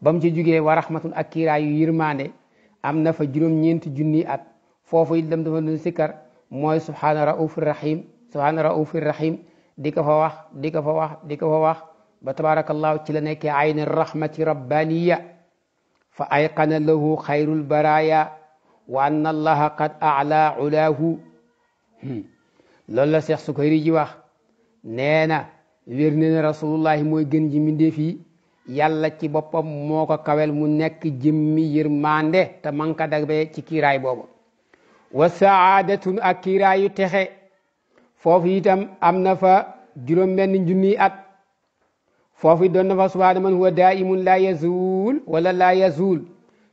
ba mu ci jugee wa raxmatun ak kiiraay yu yërmaande am na fa juróom-ñeenti junni at foofu it dem dafa doon sikkar mooy subhaana raufir rahim subhaana raufir rahim di ko fa wax di ko fa wax di ko fa ba tabaarakallaahu ci la nekkee ayni rahmati rabbaniya fa ayqana lahu xayrul baraya wa anna allaha qad ala ulaahu hmm. loolu la Seex Sukayri ji wax na wér rasulullahi mooy gën ji mbindéef yàlla ci boppam moo ko kawel mu nekk jëmmi yërmande te man ka dagbe ci kiiraay boobu wa saadatun ak kiiraayu texe foofu itam am na fa juróom benn junniy at foofu doon na fa subhaana man huwa daimun laa yazuul wala laa yazuul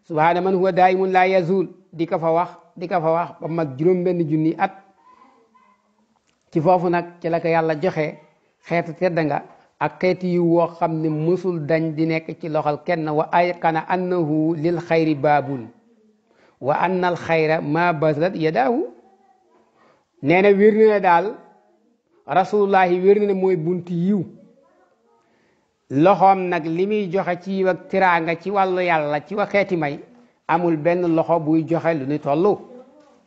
subhaana man huwa daimun laa yazuul di ko fa wax di ko fa wax ba mag juróom-benn junni at ci foofu nag ci la yàlla joxe xeetu tedd nga ak xeeti yu woo xam ne mësul dañ di nekk ci loxal kenn wa ayqana annahu lil xayri baabun wa anna al xayra ma basalat yadaahu nee na wér na ne daal rasulullahi wér na mooy bunti yiw loxoom nag li muy joxe ci yiw ak tiraanga ci wàllu yàlla ci waxeeti may amul benn loxo buy joxe lu ni tollu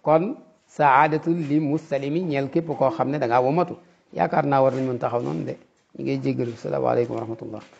kon saadatul li musalimi ñeel képp koo xam ne danga ngaa womatu yaakaar naa war nañ mën taxaw noonu de ñu ngi jéggalu salaamaaleykum wa rahmatullah